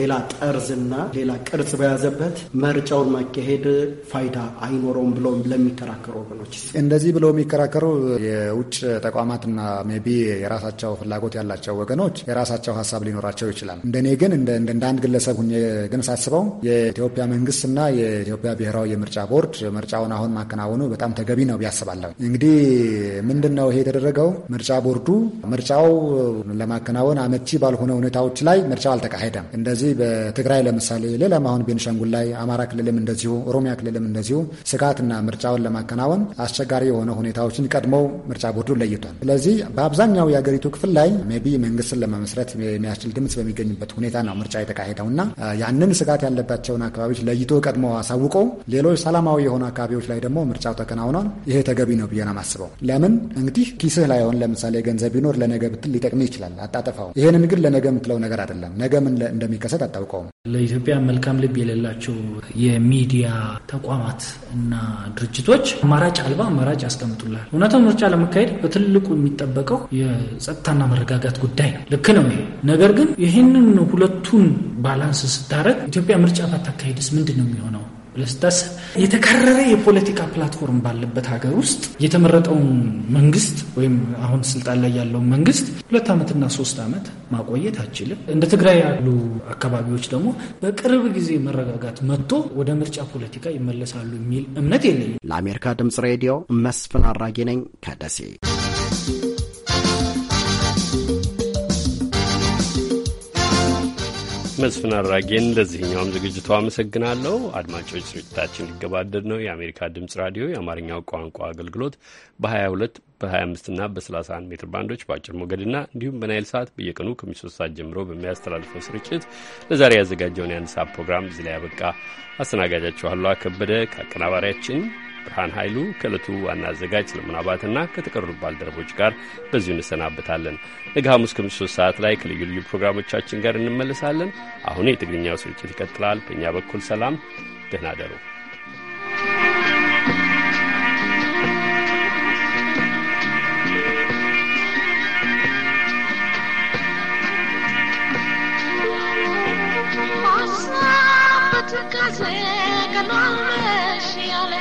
ሌላ ጠርዝና ሌላ ቅርጽ በያዘበት ምርጫውን ማካሄድ ፋይዳ አይኖረውም ብለው ለሚከራከሩ ወገኖች እንደዚህ ብለው የሚከራከሩ የውጭ ተቋማትና ቢ የራሳቸው ፍላጎት ያላቸው ወገኖች የራ የራሳቸው ሀሳብ ሊኖራቸው ይችላል። እንደኔ ግን እንደ አንድ ግለሰብ ሁኜ ግን ሳስበው የኢትዮጵያ መንግስትና የኢትዮጵያ ብሔራዊ የምርጫ ቦርድ ምርጫውን አሁን ማከናወኑ በጣም ተገቢ ነው ብያስባለሁ። እንግዲህ ምንድን ነው ይሄ የተደረገው? ምርጫ ቦርዱ ምርጫው ለማከናወን አመቺ ባልሆነ ሁኔታዎች ላይ ምርጫው አልተካሄደም። እንደዚህ በትግራይ ለምሳሌ፣ ሌላም አሁን ቤንሻንጉል ላይ፣ አማራ ክልልም እንደዚሁ፣ ኦሮሚያ ክልልም እንደዚሁ ስጋትና ምርጫውን ለማከናወን አስቸጋሪ የሆነ ሁኔታዎችን ቀድሞ ምርጫ ቦርዱ ለይቷል። ስለዚህ በአብዛኛው የአገሪቱ ክፍል ላይ ቢ መንግስትን ለመመስ ለመመስረት የሚያስችል ድምፅ በሚገኝበት ሁኔታ ነው ምርጫ የተካሄደው እና ያንን ስጋት ያለባቸውን አካባቢዎች ለይቶ ቀድሞ አሳውቆ ሌሎች ሰላማዊ የሆኑ አካባቢዎች ላይ ደግሞ ምርጫው ተከናውኗል። ይሄ ተገቢ ነው ብዬ ነው የማስበው። ለምን እንግዲህ ኪስህ ላይ ሆን ለምሳሌ ገንዘብ ቢኖር ለነገ ብትል ሊጠቅም ይችላል፣ አጣጠፋው። ይህንን ግን ለነገ የምትለው ነገር አይደለም። ነገ ምን እንደሚከሰት አታውቀውም። ለኢትዮጵያ መልካም ልብ የሌላቸው የሚዲያ ተቋማት እና ድርጅቶች አማራጭ አልባ አማራጭ ያስቀምጡላል። እውነታው ምርጫ ለመካሄድ በትልቁ የሚጠበቀው የጸጥታና መረጋጋት ጉዳይ ነው። ልክ ነው። ነው። ነገር ግን ይህንን ሁለቱን ባላንስ ስታረግ ኢትዮጵያ ምርጫ ባታካሄድስ ምንድን ነው የሚሆነው ብለህ ስታስብ የተካረረ የፖለቲካ ፕላትፎርም ባለበት ሀገር ውስጥ የተመረጠውን መንግስት ወይም አሁን ስልጣን ላይ ያለውን መንግስት ሁለት ዓመትና ሶስት ዓመት ማቆየት አችልም። እንደ ትግራይ ያሉ አካባቢዎች ደግሞ በቅርብ ጊዜ መረጋጋት መጥቶ ወደ ምርጫ ፖለቲካ ይመለሳሉ የሚል እምነት የለኝም። ለአሜሪካ ድምጽ ሬዲዮ መስፍን አራጌ ነኝ ከደሴ መስፍን አራጌን ለዚህኛውም ዝግጅቱ አመሰግናለሁ። አድማጮች ስርጭታችን ሊገባደድ ነው። የአሜሪካ ድምፅ ራዲዮ የአማርኛው ቋንቋ አገልግሎት በ22 በ25 እና በ31 ሜትር ባንዶች በአጭር ሞገድና እንዲሁም በናይል ሰዓት በየቀኑ ከ3 ሰዓት ጀምሮ በሚያስተላልፈው ስርጭት ለዛሬ ያዘጋጀውን የአንድ ሰዓት ፕሮግራም እዚህ ላይ ያበቃ። አስተናጋጃችኋለሁ ከበደ ከአቀናባሪያችን ብርሃን ኃይሉ ከእለቱ ዋና አዘጋጅ ሰለሞን አባትና ከተቀሩ ባልደረቦች ጋር በዚሁ እንሰናብታለን። ነገ ሐሙስ ከምሽቱ ሶስት ሰዓት ላይ ከልዩ ልዩ ፕሮግራሞቻችን ጋር እንመለሳለን። አሁን የትግርኛው ስርጭት ይቀጥላል። በእኛ በኩል ሰላም፣ ደህና ደሩ። să case Că nu am ale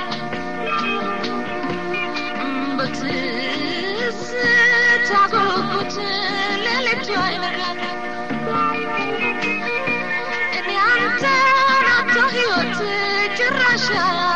Bățâță cu putelele Tu ai mergat ne